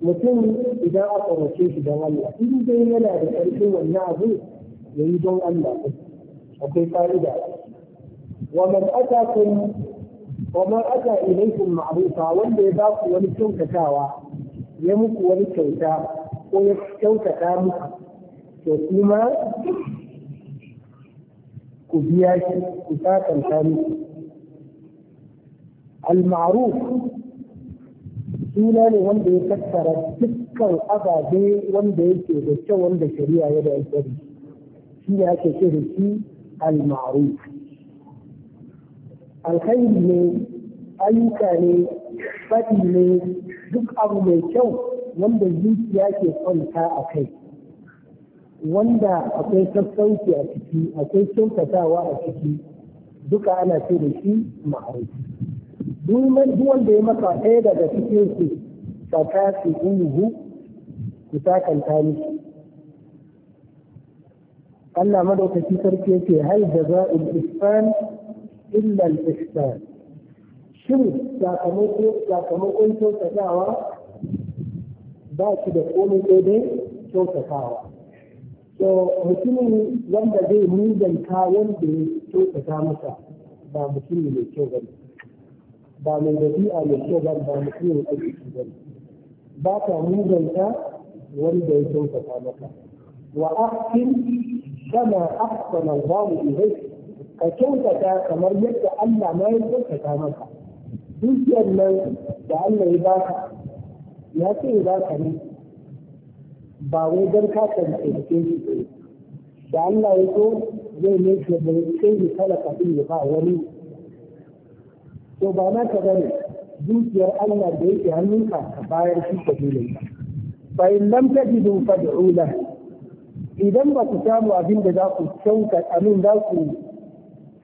mutum idan a roce shi don Allah in dai yana da ƙarfin wannan abu ya yi don Allah ɗin akwai fa'ida wa man kun wa man ata ma'rufa wanda ya ku wani kyautatawa ya muku wani kyauta ko ya kyautata muku to kuma ku biya shi ku sakanta muku al-ma'ruf suna ne wanda ya tattara dukkan ababe wanda yake da kyau wanda shari'a ya da alfari shi ne ake ce shi al-ma'ruf alkhairi ne ayyuka ne faɗi ne duk abu mai kyau wanda zuciya ke kwanta a kai wanda akwai sassauci a ciki akwai kyautatawa a ciki duka ana ce da shi ma'arufi duk wanda ya maka ɗaya daga cikin su fata su uhu ku sakanta ni Allah madaukaki sarki yake hal jaza'ul ihsan illa al ihsan shin sakamako sakamakon kyautatawa ba shi da komai daidai dai kyautatawa so mutumin wanda zai muzanta wanda ya kyautata masa ba mutum mai kyau ne ba mai dabi'a mai kyau ba ba mutumin arziki ba ba ta muganta wanda ya kyautata maka wa ahsin kama ahsana Allahu ilayk ka kyautata kamar yadda Allah ma ya kyautata maka dukiyar nan da Allah ya baka ya ce ya baka ne ba wai don ka tantance shi da Allah ya so zai ne ke bai sai ya kala din ya ba wani to ba na ka bane dukiyar Allah da yake hannunka ka bayar shi ka dole fa in lam tajidu fad'u lahu idan ba ku samu abin da za ku kyauta amin za ku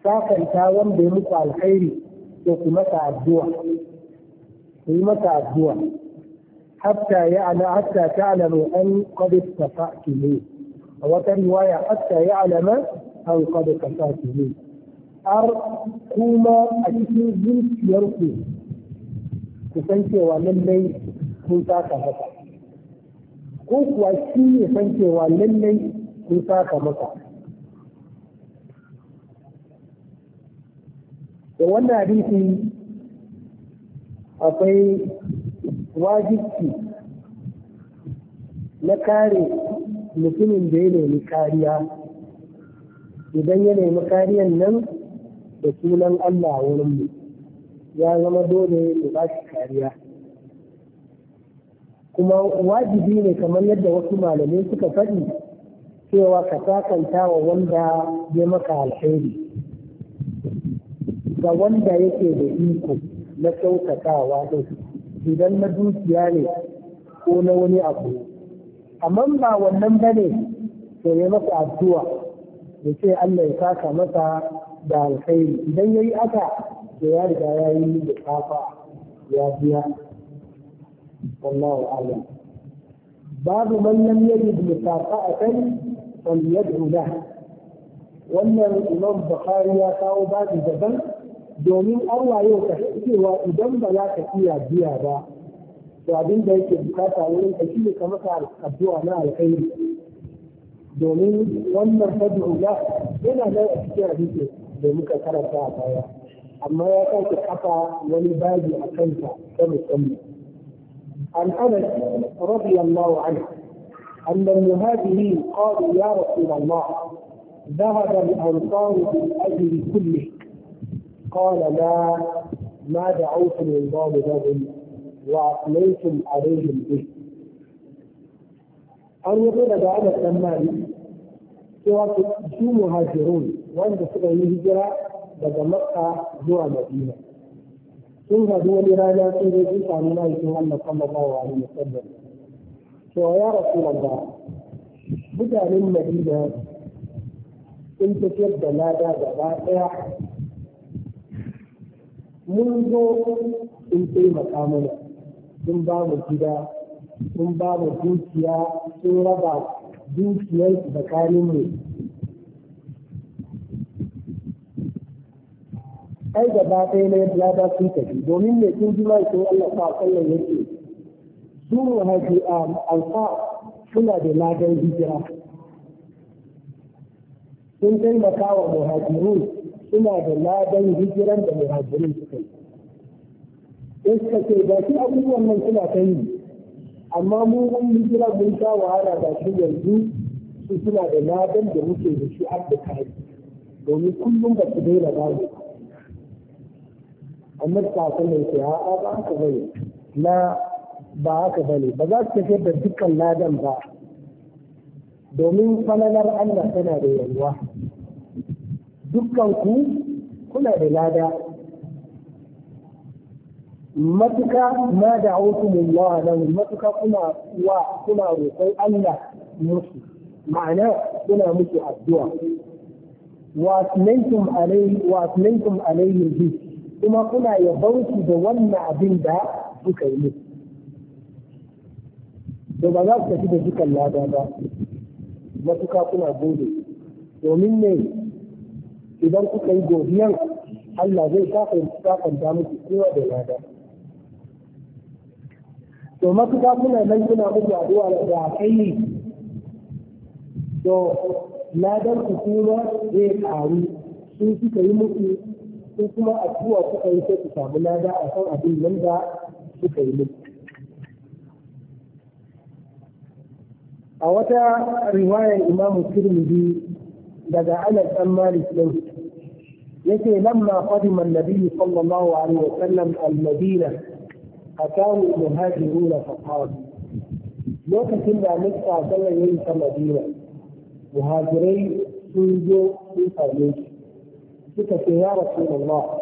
sakanta wanda ya muku alkhairi to ku masa addu'a ku yi masa addu'a hatta ya ala hatta ta'lamu an qad istafa'tu a wata riwaya hatta ya alama an qad istafa'tu har kuma a cikin zuciyarku ku san cewa lallai kun saka maka, ko kuwa shi ne san cewa lallai kun saka maka? da wannan hadisi akwai wajibci na kare mutumin da ya nemi kariya idan ya nemi kariyan nan da sunan Allah wurin mu ya zama dole mu ba shi kariya kuma wajibi ne kamar yadda wasu malamai suka faɗi cewa ka sakanta wa wanda ya maka alheri ga wanda yake da iko na kyautatawa ɗin, idan na dukiya ne ko na wani abu amma ba wannan bane to ya masa addu'a ya ce Allah ya saka masa da alkhairi idan yayi aka to ya riga ya yi da kafa ya biya wallahu a'lam babu man lam yajid musaqatan fal yad'u lah wannan imam bukhari ya kawo babu daban domin Allah yau ka cewa idan ba za ka iya biya ba to abin da yake bukata wurin ka shine ka masa na alkhairi domin wannan fad'u ya yana da cikin hadisi da muka karanta a baya amma ya sake kafa wani babi a kanta ta musamman an anas radiyallahu anhu أن المهاجرين قالوا يا رسول الله ذهب الأنصار بالأجر كله قال لا ما دعوتم الله لهم وأثنيتم عليهم به أن يقول بعد الثمان سوى مهاجرون wanda suka yi hijira daga makka zuwa madina sun hadu wani rana sun zai sun sami mahaifin allah wa ne musamman cewa ya rasulullah mutanen madina sun tafiyar da lada gaba ɗaya mun zo sun taimaka mana sun ba mu gida sun ba mu dukiya sun raba dukiyar tsakanin mu ai gaba ɗaya na su ta tafi domin mai sun jima ko Allah ta sallan yake su haji um, alfa suna da ladan hijira sun taimaka wa muhajirun suna da ladan hijiran da muhajirun suka yi in suka ce ba shi abubuwan nan suna ta amma mu mun hijira mun sha wahala ba shi yanzu su suna da ladan da muke da shi har da kai domin kullum ba su daina ba amma ta sallan ke a ba haka bane na ba haka bane ba za su tafiyar da dukkan ladan ba domin falalar Allah tana da yalwa dukkan ku kuna da lada matuka ma da Allah nan matuka kuna wa kuna roƙon Allah musu ma'ana kuna musu addu'a wa asnantum alayhi wa asnantum alayhi kuma kuna ya bauti da wannan abin da suka yi musu to ba za ku tafi da dukan lada ba matuka kuna gode domin ne idan kuka yi godiyan Allah zai sakanta musu kowa da lada to matuka kuna nan kuna muku addu'a da kai to ladan ku kuma zai karu sun suka yi musu? ko kuma addu'a kuka yi sai ku samu lada a san abin nan da kuka yi min. a wata riwayar imamu tirmidhi daga anas dan malik din yake lamma qadima an-nabi sallallahu alaihi wa sallam al-madina atahu muhajirun fa qalu lokacin da annabi sallallahu alaihi wa sallam ya yi madina muhajirai sun zo sun same shi suka ce ya rasulullah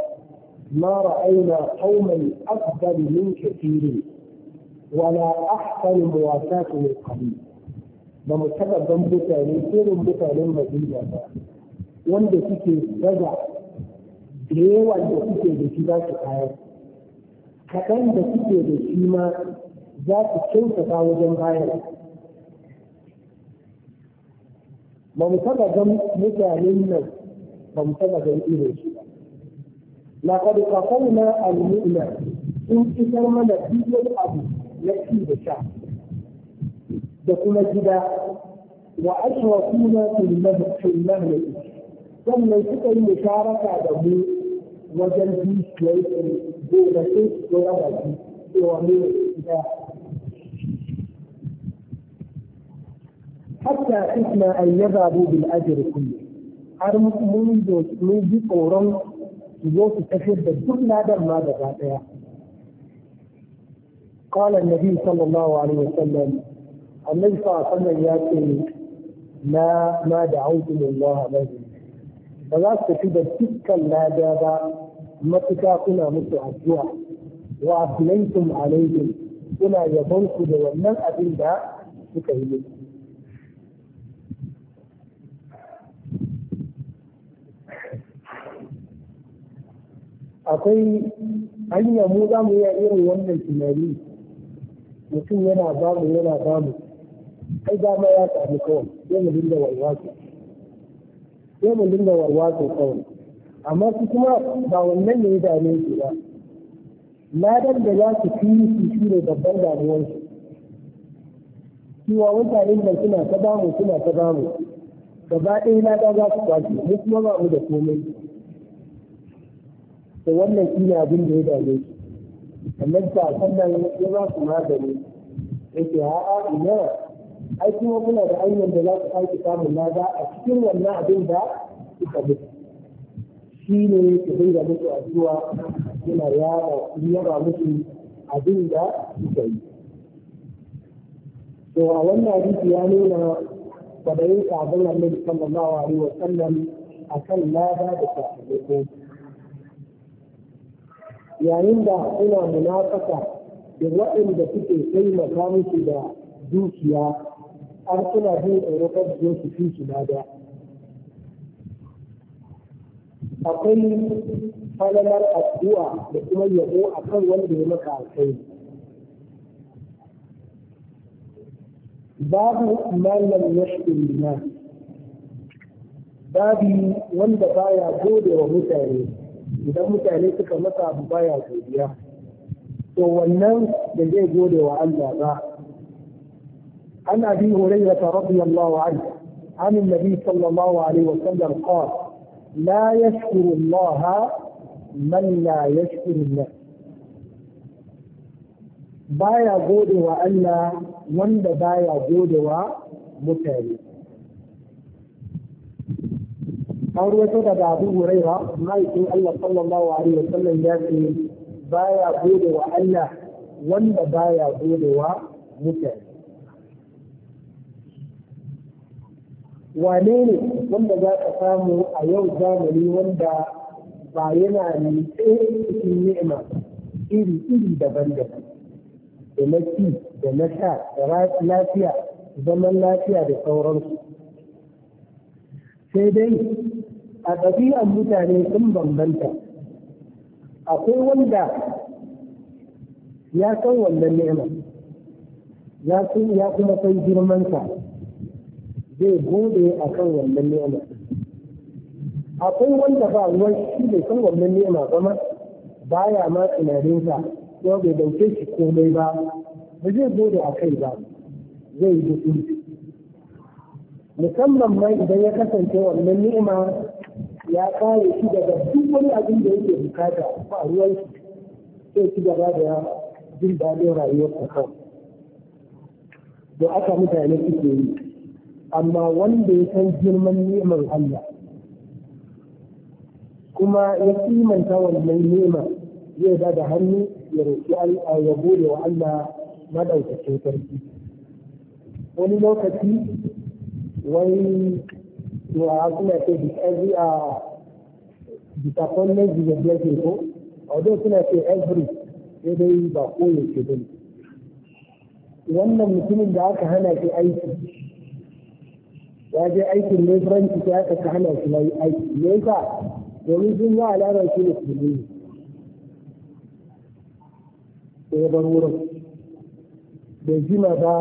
ma ra'ayna qauman afdal min kathiri wala ahsan muwasatu min qabil ba mu taɓa gan mutane irin mutanen madina ba wanda suke daga da da suke da shi za su kaya, kaɗan da suke da shi ma za su kyautata wajen bayar ba mu taɓa gan mutanen nan منتمدا اليه لقد قتلنا المؤمن ان كما نبي الابي يكفي بالشعب دخل جدا واشرفونا في المهد في المهد ثم تكون مشاركه دمو وجل بيش ويكل دون سيس ورغبي ورغبي حتى حسنا ان يذهبوا بالاجر كله har mun da mun ji tsoron su zo su tafi da duk ladar ma da ba ɗaya. Kala Nabi sallallahu alaihi wa Allah annabi sa sallam ya ce na ma da aukin Allah a Ba za su tafi da dukkan lada ba matuka kuna musu addu'a. Wa abdulaitum alaihim kuna ku da wannan abin da suka yi. akwai hanya mu za mu iya irin wannan tunani mutum yana bamu yana bamu kai dama ya sami kawai sai mu dinga warwatsa sai mu dinga warwatsa kawai amma su kuma ba wannan ne ya dame su ba ladan da za su fi su shi ne babban damuwarsu cewa mutanen da suna ta bamu suna ta bamu gaba ɗaya lada za su kwashe mu kuma ba mu da komai da wannan ina abin da ya dame shi annabi ta sannan ya ba su magani yake a'a ina ai kuma kuna da hanyar da za ku sake samun lada a cikin wannan abin da kuka mutu shi ne ku dinga musu addu'a yana yaba yaba musu abin da kuka yi to a wannan hadisi ya nuna kwadayin sabon Allah sallallahu alaihi wa sallam akan lada da sakamako yayin da suna munafaka da waɗanda suke taimaka musu da dukiya har suna jin tsoro da su fi su da akwai falalar addu'a da kuma yabo a kan wanda ya maka alkhairi babu malam yashkun bina babu wanda baya gode wa mutane idan mutane suka masa abu baya godiya to wannan da zai gode wa Allah ba an abi hurairah radiyallahu anhu عن النبي صلى الله عليه وسلم قال لا يشكر الله من لا يشكر الناس baya gode wa Allah wanda baya gode wa mutane an wata daga abu huraira mahaifin allah sallallahu alaihi sallan ya ce baya gode wa allah wanda baya gode wa mutane wane ne wanda za ka samu a yau zamani wanda ba yana nitse cikin ni'ima iri iri daban-daban da na ci da na sha da lafiya zaman lafiya da sauransu sai dai a ɗabi'an mutane sun bambanta akwai wanda ya san wannan ni'imar ya kuma san girmansa zai gode a kan wannan ni'imar akwai wanda ba ruwan shi bai san wannan ni'ima ba ma baya ma tunaninsa ko bai dauke shi komai ba ba zai gode a kai ba zai yi musamman ma idan ya kasance wannan ni'ima ya kare shi daga duk wani abin da yake bukata ba a ruwan shi sai ci gaba da ya jin daɗin rayuwar kan Do aka mutane suke yi amma wanda ya san girman neman Allah kuma ya kimanta wannan nema zai ba da hannu ya roƙi Allah ya gode wa Allah madaukakin sarki wani lokaci wani to uh, a suna ce with every disappointment blessing ko although suna ce every sai dai ba ko yake ba wannan mutumin da aka hana shi aiki ya je aikin ne faranci sai aka ka hana shi mai aiki me yasa domin sun yi alamar shi ne su ne bar wurin bai jima ba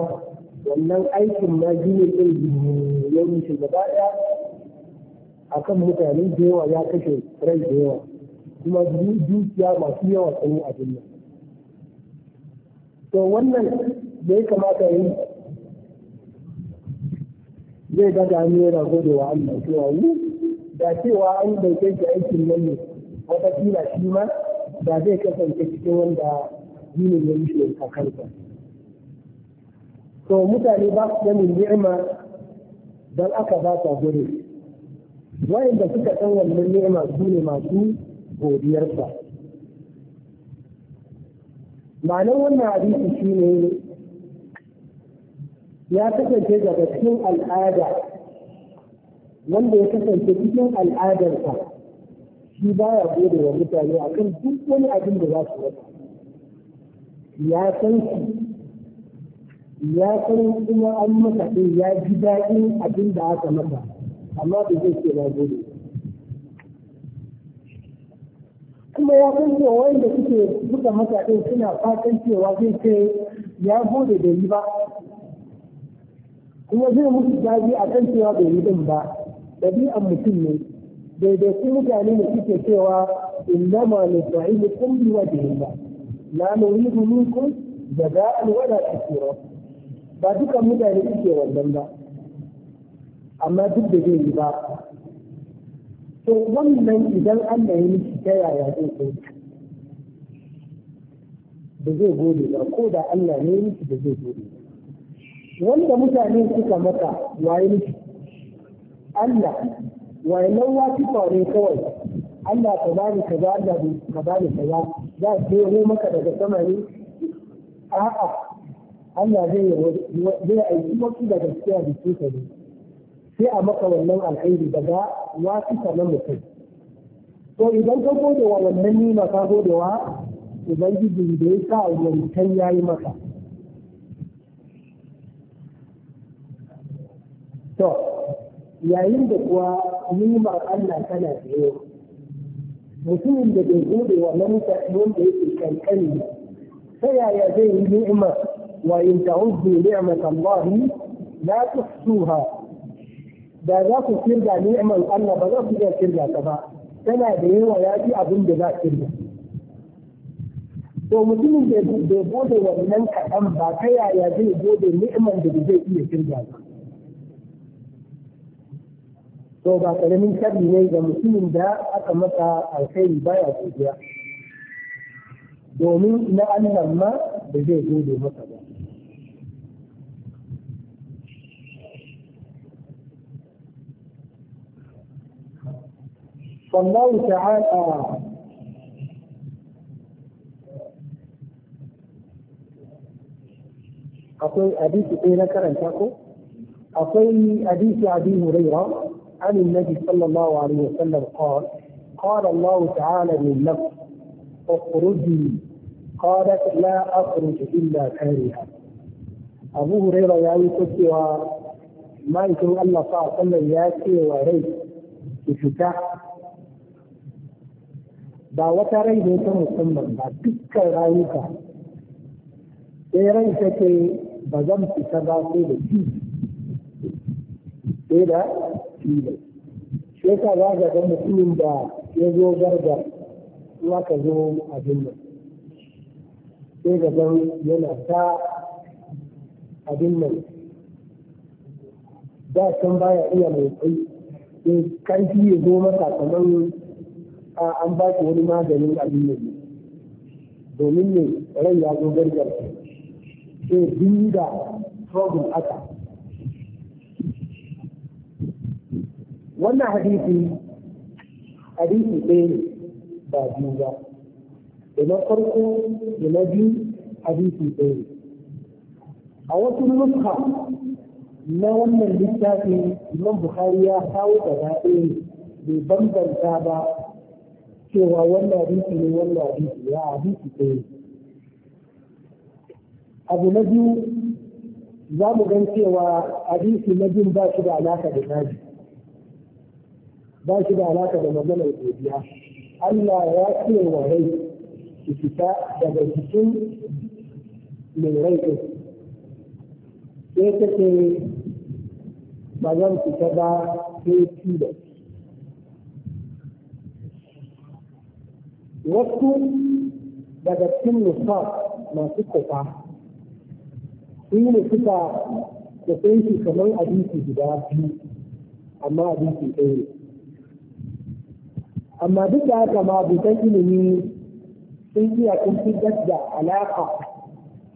wannan aikin na gini ɗin ya rushe gaba ɗaya a kan mutane da yawa ya kashe rai da yawa kuma dukiya masu yawa sun a abin nan to wannan da ya kamata yi zai daga hannu yana gode wa Allah cewa yi da cewa an ɗauke shi aikin nan ne wata kila shi ma da zai kasance cikin wanda ne ya rushe a kansa. to mutane ba su ganin ni'ima don aka ba ta gure wanda suka san wannan ni'ima su ne masu godiyarsa ma'anar wannan hadisi shi ne ya kasance daga cikin al'ada wanda ya kasance cikin al'adarsa shi baya gode wa mutane akan duk wani abin da za su yi ya san shi ya san kuma an masa ɗin ya ji daɗin abin da aka masa amma bai zai ce ba gode kuma ya san cewa wanda suke buga masa ɗin suna fatan cewa zai ce ya gode da yi ba kuma zai musu daji a kan cewa bai yi ɗin ba ɗabi'an mutum ne daidai su mutane da suke cewa innama nufa'ilukum biwajhillah la nuridu minkum jaza'an wala shukura ba dukan mutane suke wannan ba amma duk da zai yi ba to wannan idan Allah ya miki ta yaya zai kai da zai gode ba ko da Allah ne ya miki da zai gode wanda mutane suka maka waye miki Allah waye lawa ki fare kawai Allah ka bani kaza Allah ka bani kaza za a maka daga sama ne a'a Allah zai yi aiki wasu da cikin da su ka ne sai a maka wannan alkhairi daga wasu na mutum to idan ka gode wa wannan nima ka gode wa ubangiji da ya sa wancan ya yi maka to yayin da kuwa nimar Allah tana tsaye mutumin da bai gode wa nan wanda yake kankani ta yaya zai yi ni'imar وإن تعدوا نعمة الله لا تحصوها da za ku kirga ni'imar Allah ba za ku iya kirga ta ba tana da yawa ya ji abin da za a kirga to mutumin da bai gode wannan kaɗan ba ta yaya zai gode ni'imar da zai iya kirga ba to ba ƙaramin sharri ne ga mutumin da aka masa alkhairi baya godiya domin na Allah ma da zai gode masa ba فالله تعالى أقول hadisi ɗaya na karanta أقول akwai أبي هريرة عن النبي صلى الله عليه وسلم قال قال الله تعالى للنفس اخرجي قالت لا اخرج الا كارها ابو هريره يا يعني يكتب ما يكون الله صلى الله عليه وسلم ياتي وريت في فتاح ba wata rai ne ta musamman ba dukkan rayuka sai rai take ba zan fita ba ko da shi sai da shi ne shi sa za ga ga mutumin da ya zo garga in ka zo abin nan sai da zan yana ta abin nan ba can baya iya mai tsayi sai karfi ya zo masa kamar an ba ki wani maganin abin ne domin ne ran ya zo gargar sai dinga trouble aka? wannan hadisi hadisi ɗaya ne ba biyu ba da na farko da na biyu hadisi ɗaya ne a wasu nuska na wannan littafi Imam bukari ya kawo gaba ɗaya ne bai bambanta ba cewa wannan hadisi ne wannan hadisi ya hadisi ɗaya abu na biyu za mu gan cewa hadisi na biyu ba shi da alaka da naji ba shi da alaka da maganar godiya Allah ya ce wa rai ki fita daga cikin mai rai ɗin sai ta ce ba zan fita ba sai tilas wasu daga cikin nufar masu kofa su ne suka da shi kamar abinci guda biyu amma abinci ɗaya ne amma duk da haka ma bukan ilimi sun iya kun fitar da alaƙa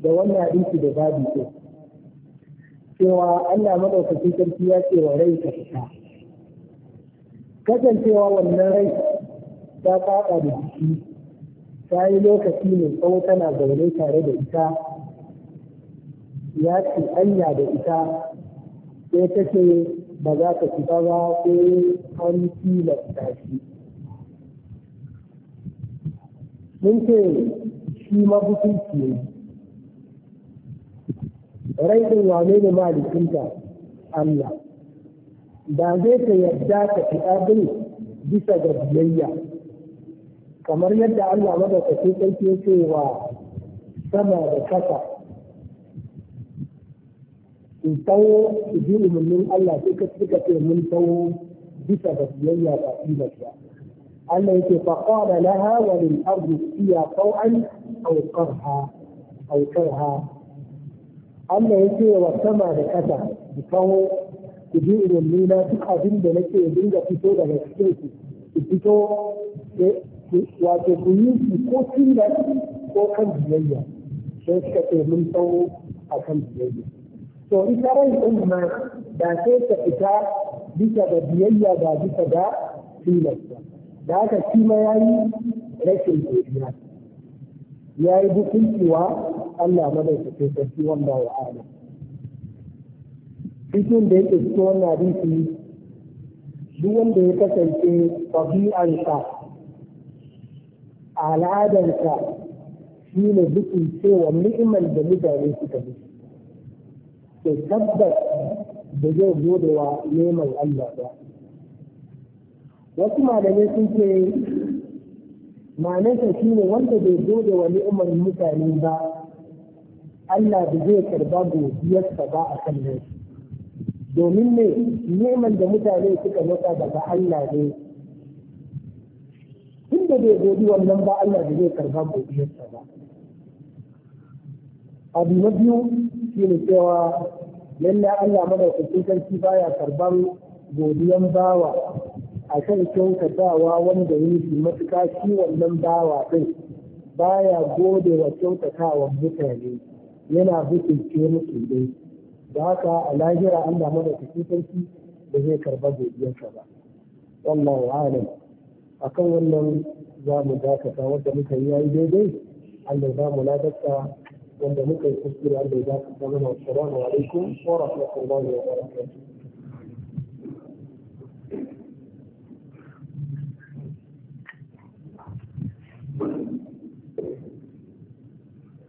da wannan abinci da babu ko cewa Allah maɗaukakin sarki ya ce wa rai ka fita kasancewa wannan rai ta faɗa da jiki ta yi lokaci mai tsawo tana zaune tare da ita ya ce anya da ita sai ta ce ba za ka fita ba sai an tilasta shi mun ce shi mabukunci ne rai ɗin wane ne malikinta Allah da zai ta yarda ka fita abin bisa ga biyayya kamar yadda Allah madaukaki sarki yake wa sama da kasa in tawo su ji umarnin Allah sai ka suka ce mun tawo bisa da biyayya ba tilas ba Allah yake faqala laha wa lil ardi fiya qaw'an aw qarha aw qarha Allah yake wa sama da kasa ku tawo ku ji na duk abin da nake dinga fito daga cikin ku fito wato ku yi ko tilla ko kan biyayya sai suka ce mun tsawo a kan biyayya to ita rai ɗin ma da sai ka fita bisa da biyayya ba bisa da tilasta da haka shi ma ya yi rashin godiya ya yi bukuncewa Allah madaukakin sarki wanda wa ala cikin da yake cikin wannan hadisi duk wanda ya kasance ɗabi'arsa al'adanka shi ne bikin cewa ni'imar da mutane suka bi to tabbas da zai gode wa neman Allah ba wasu malamai sun ce ma'anarsa shi ne wanda bai gode wa ni'imar mutane ba Allah da zai karba godiyarsa ba a kan nan domin ne neman da mutane suka masa daga Allah ne wanda bai godi wannan ba Allah da zai karba godiyarsa ba abu na biyu shi ne cewa lalle Allah madaukakin sarki baya karban godiyan bawa a kan kyautatawa wanda ya yi matuƙa shi wannan bawa ɗin baya gode wa kyautatawan mutane yana hukunce musu dai da haka a lahira Allah madaukakin sarki da zai karba godiyarsa ba wallahu a'lam akan wannan za mu dakata wanda muka yi yayi daidai Allah za mu ladarta wanda muka yi kuskure Allah ya dakata mana assalamu alaikum wa rahmatullahi wa barakatuh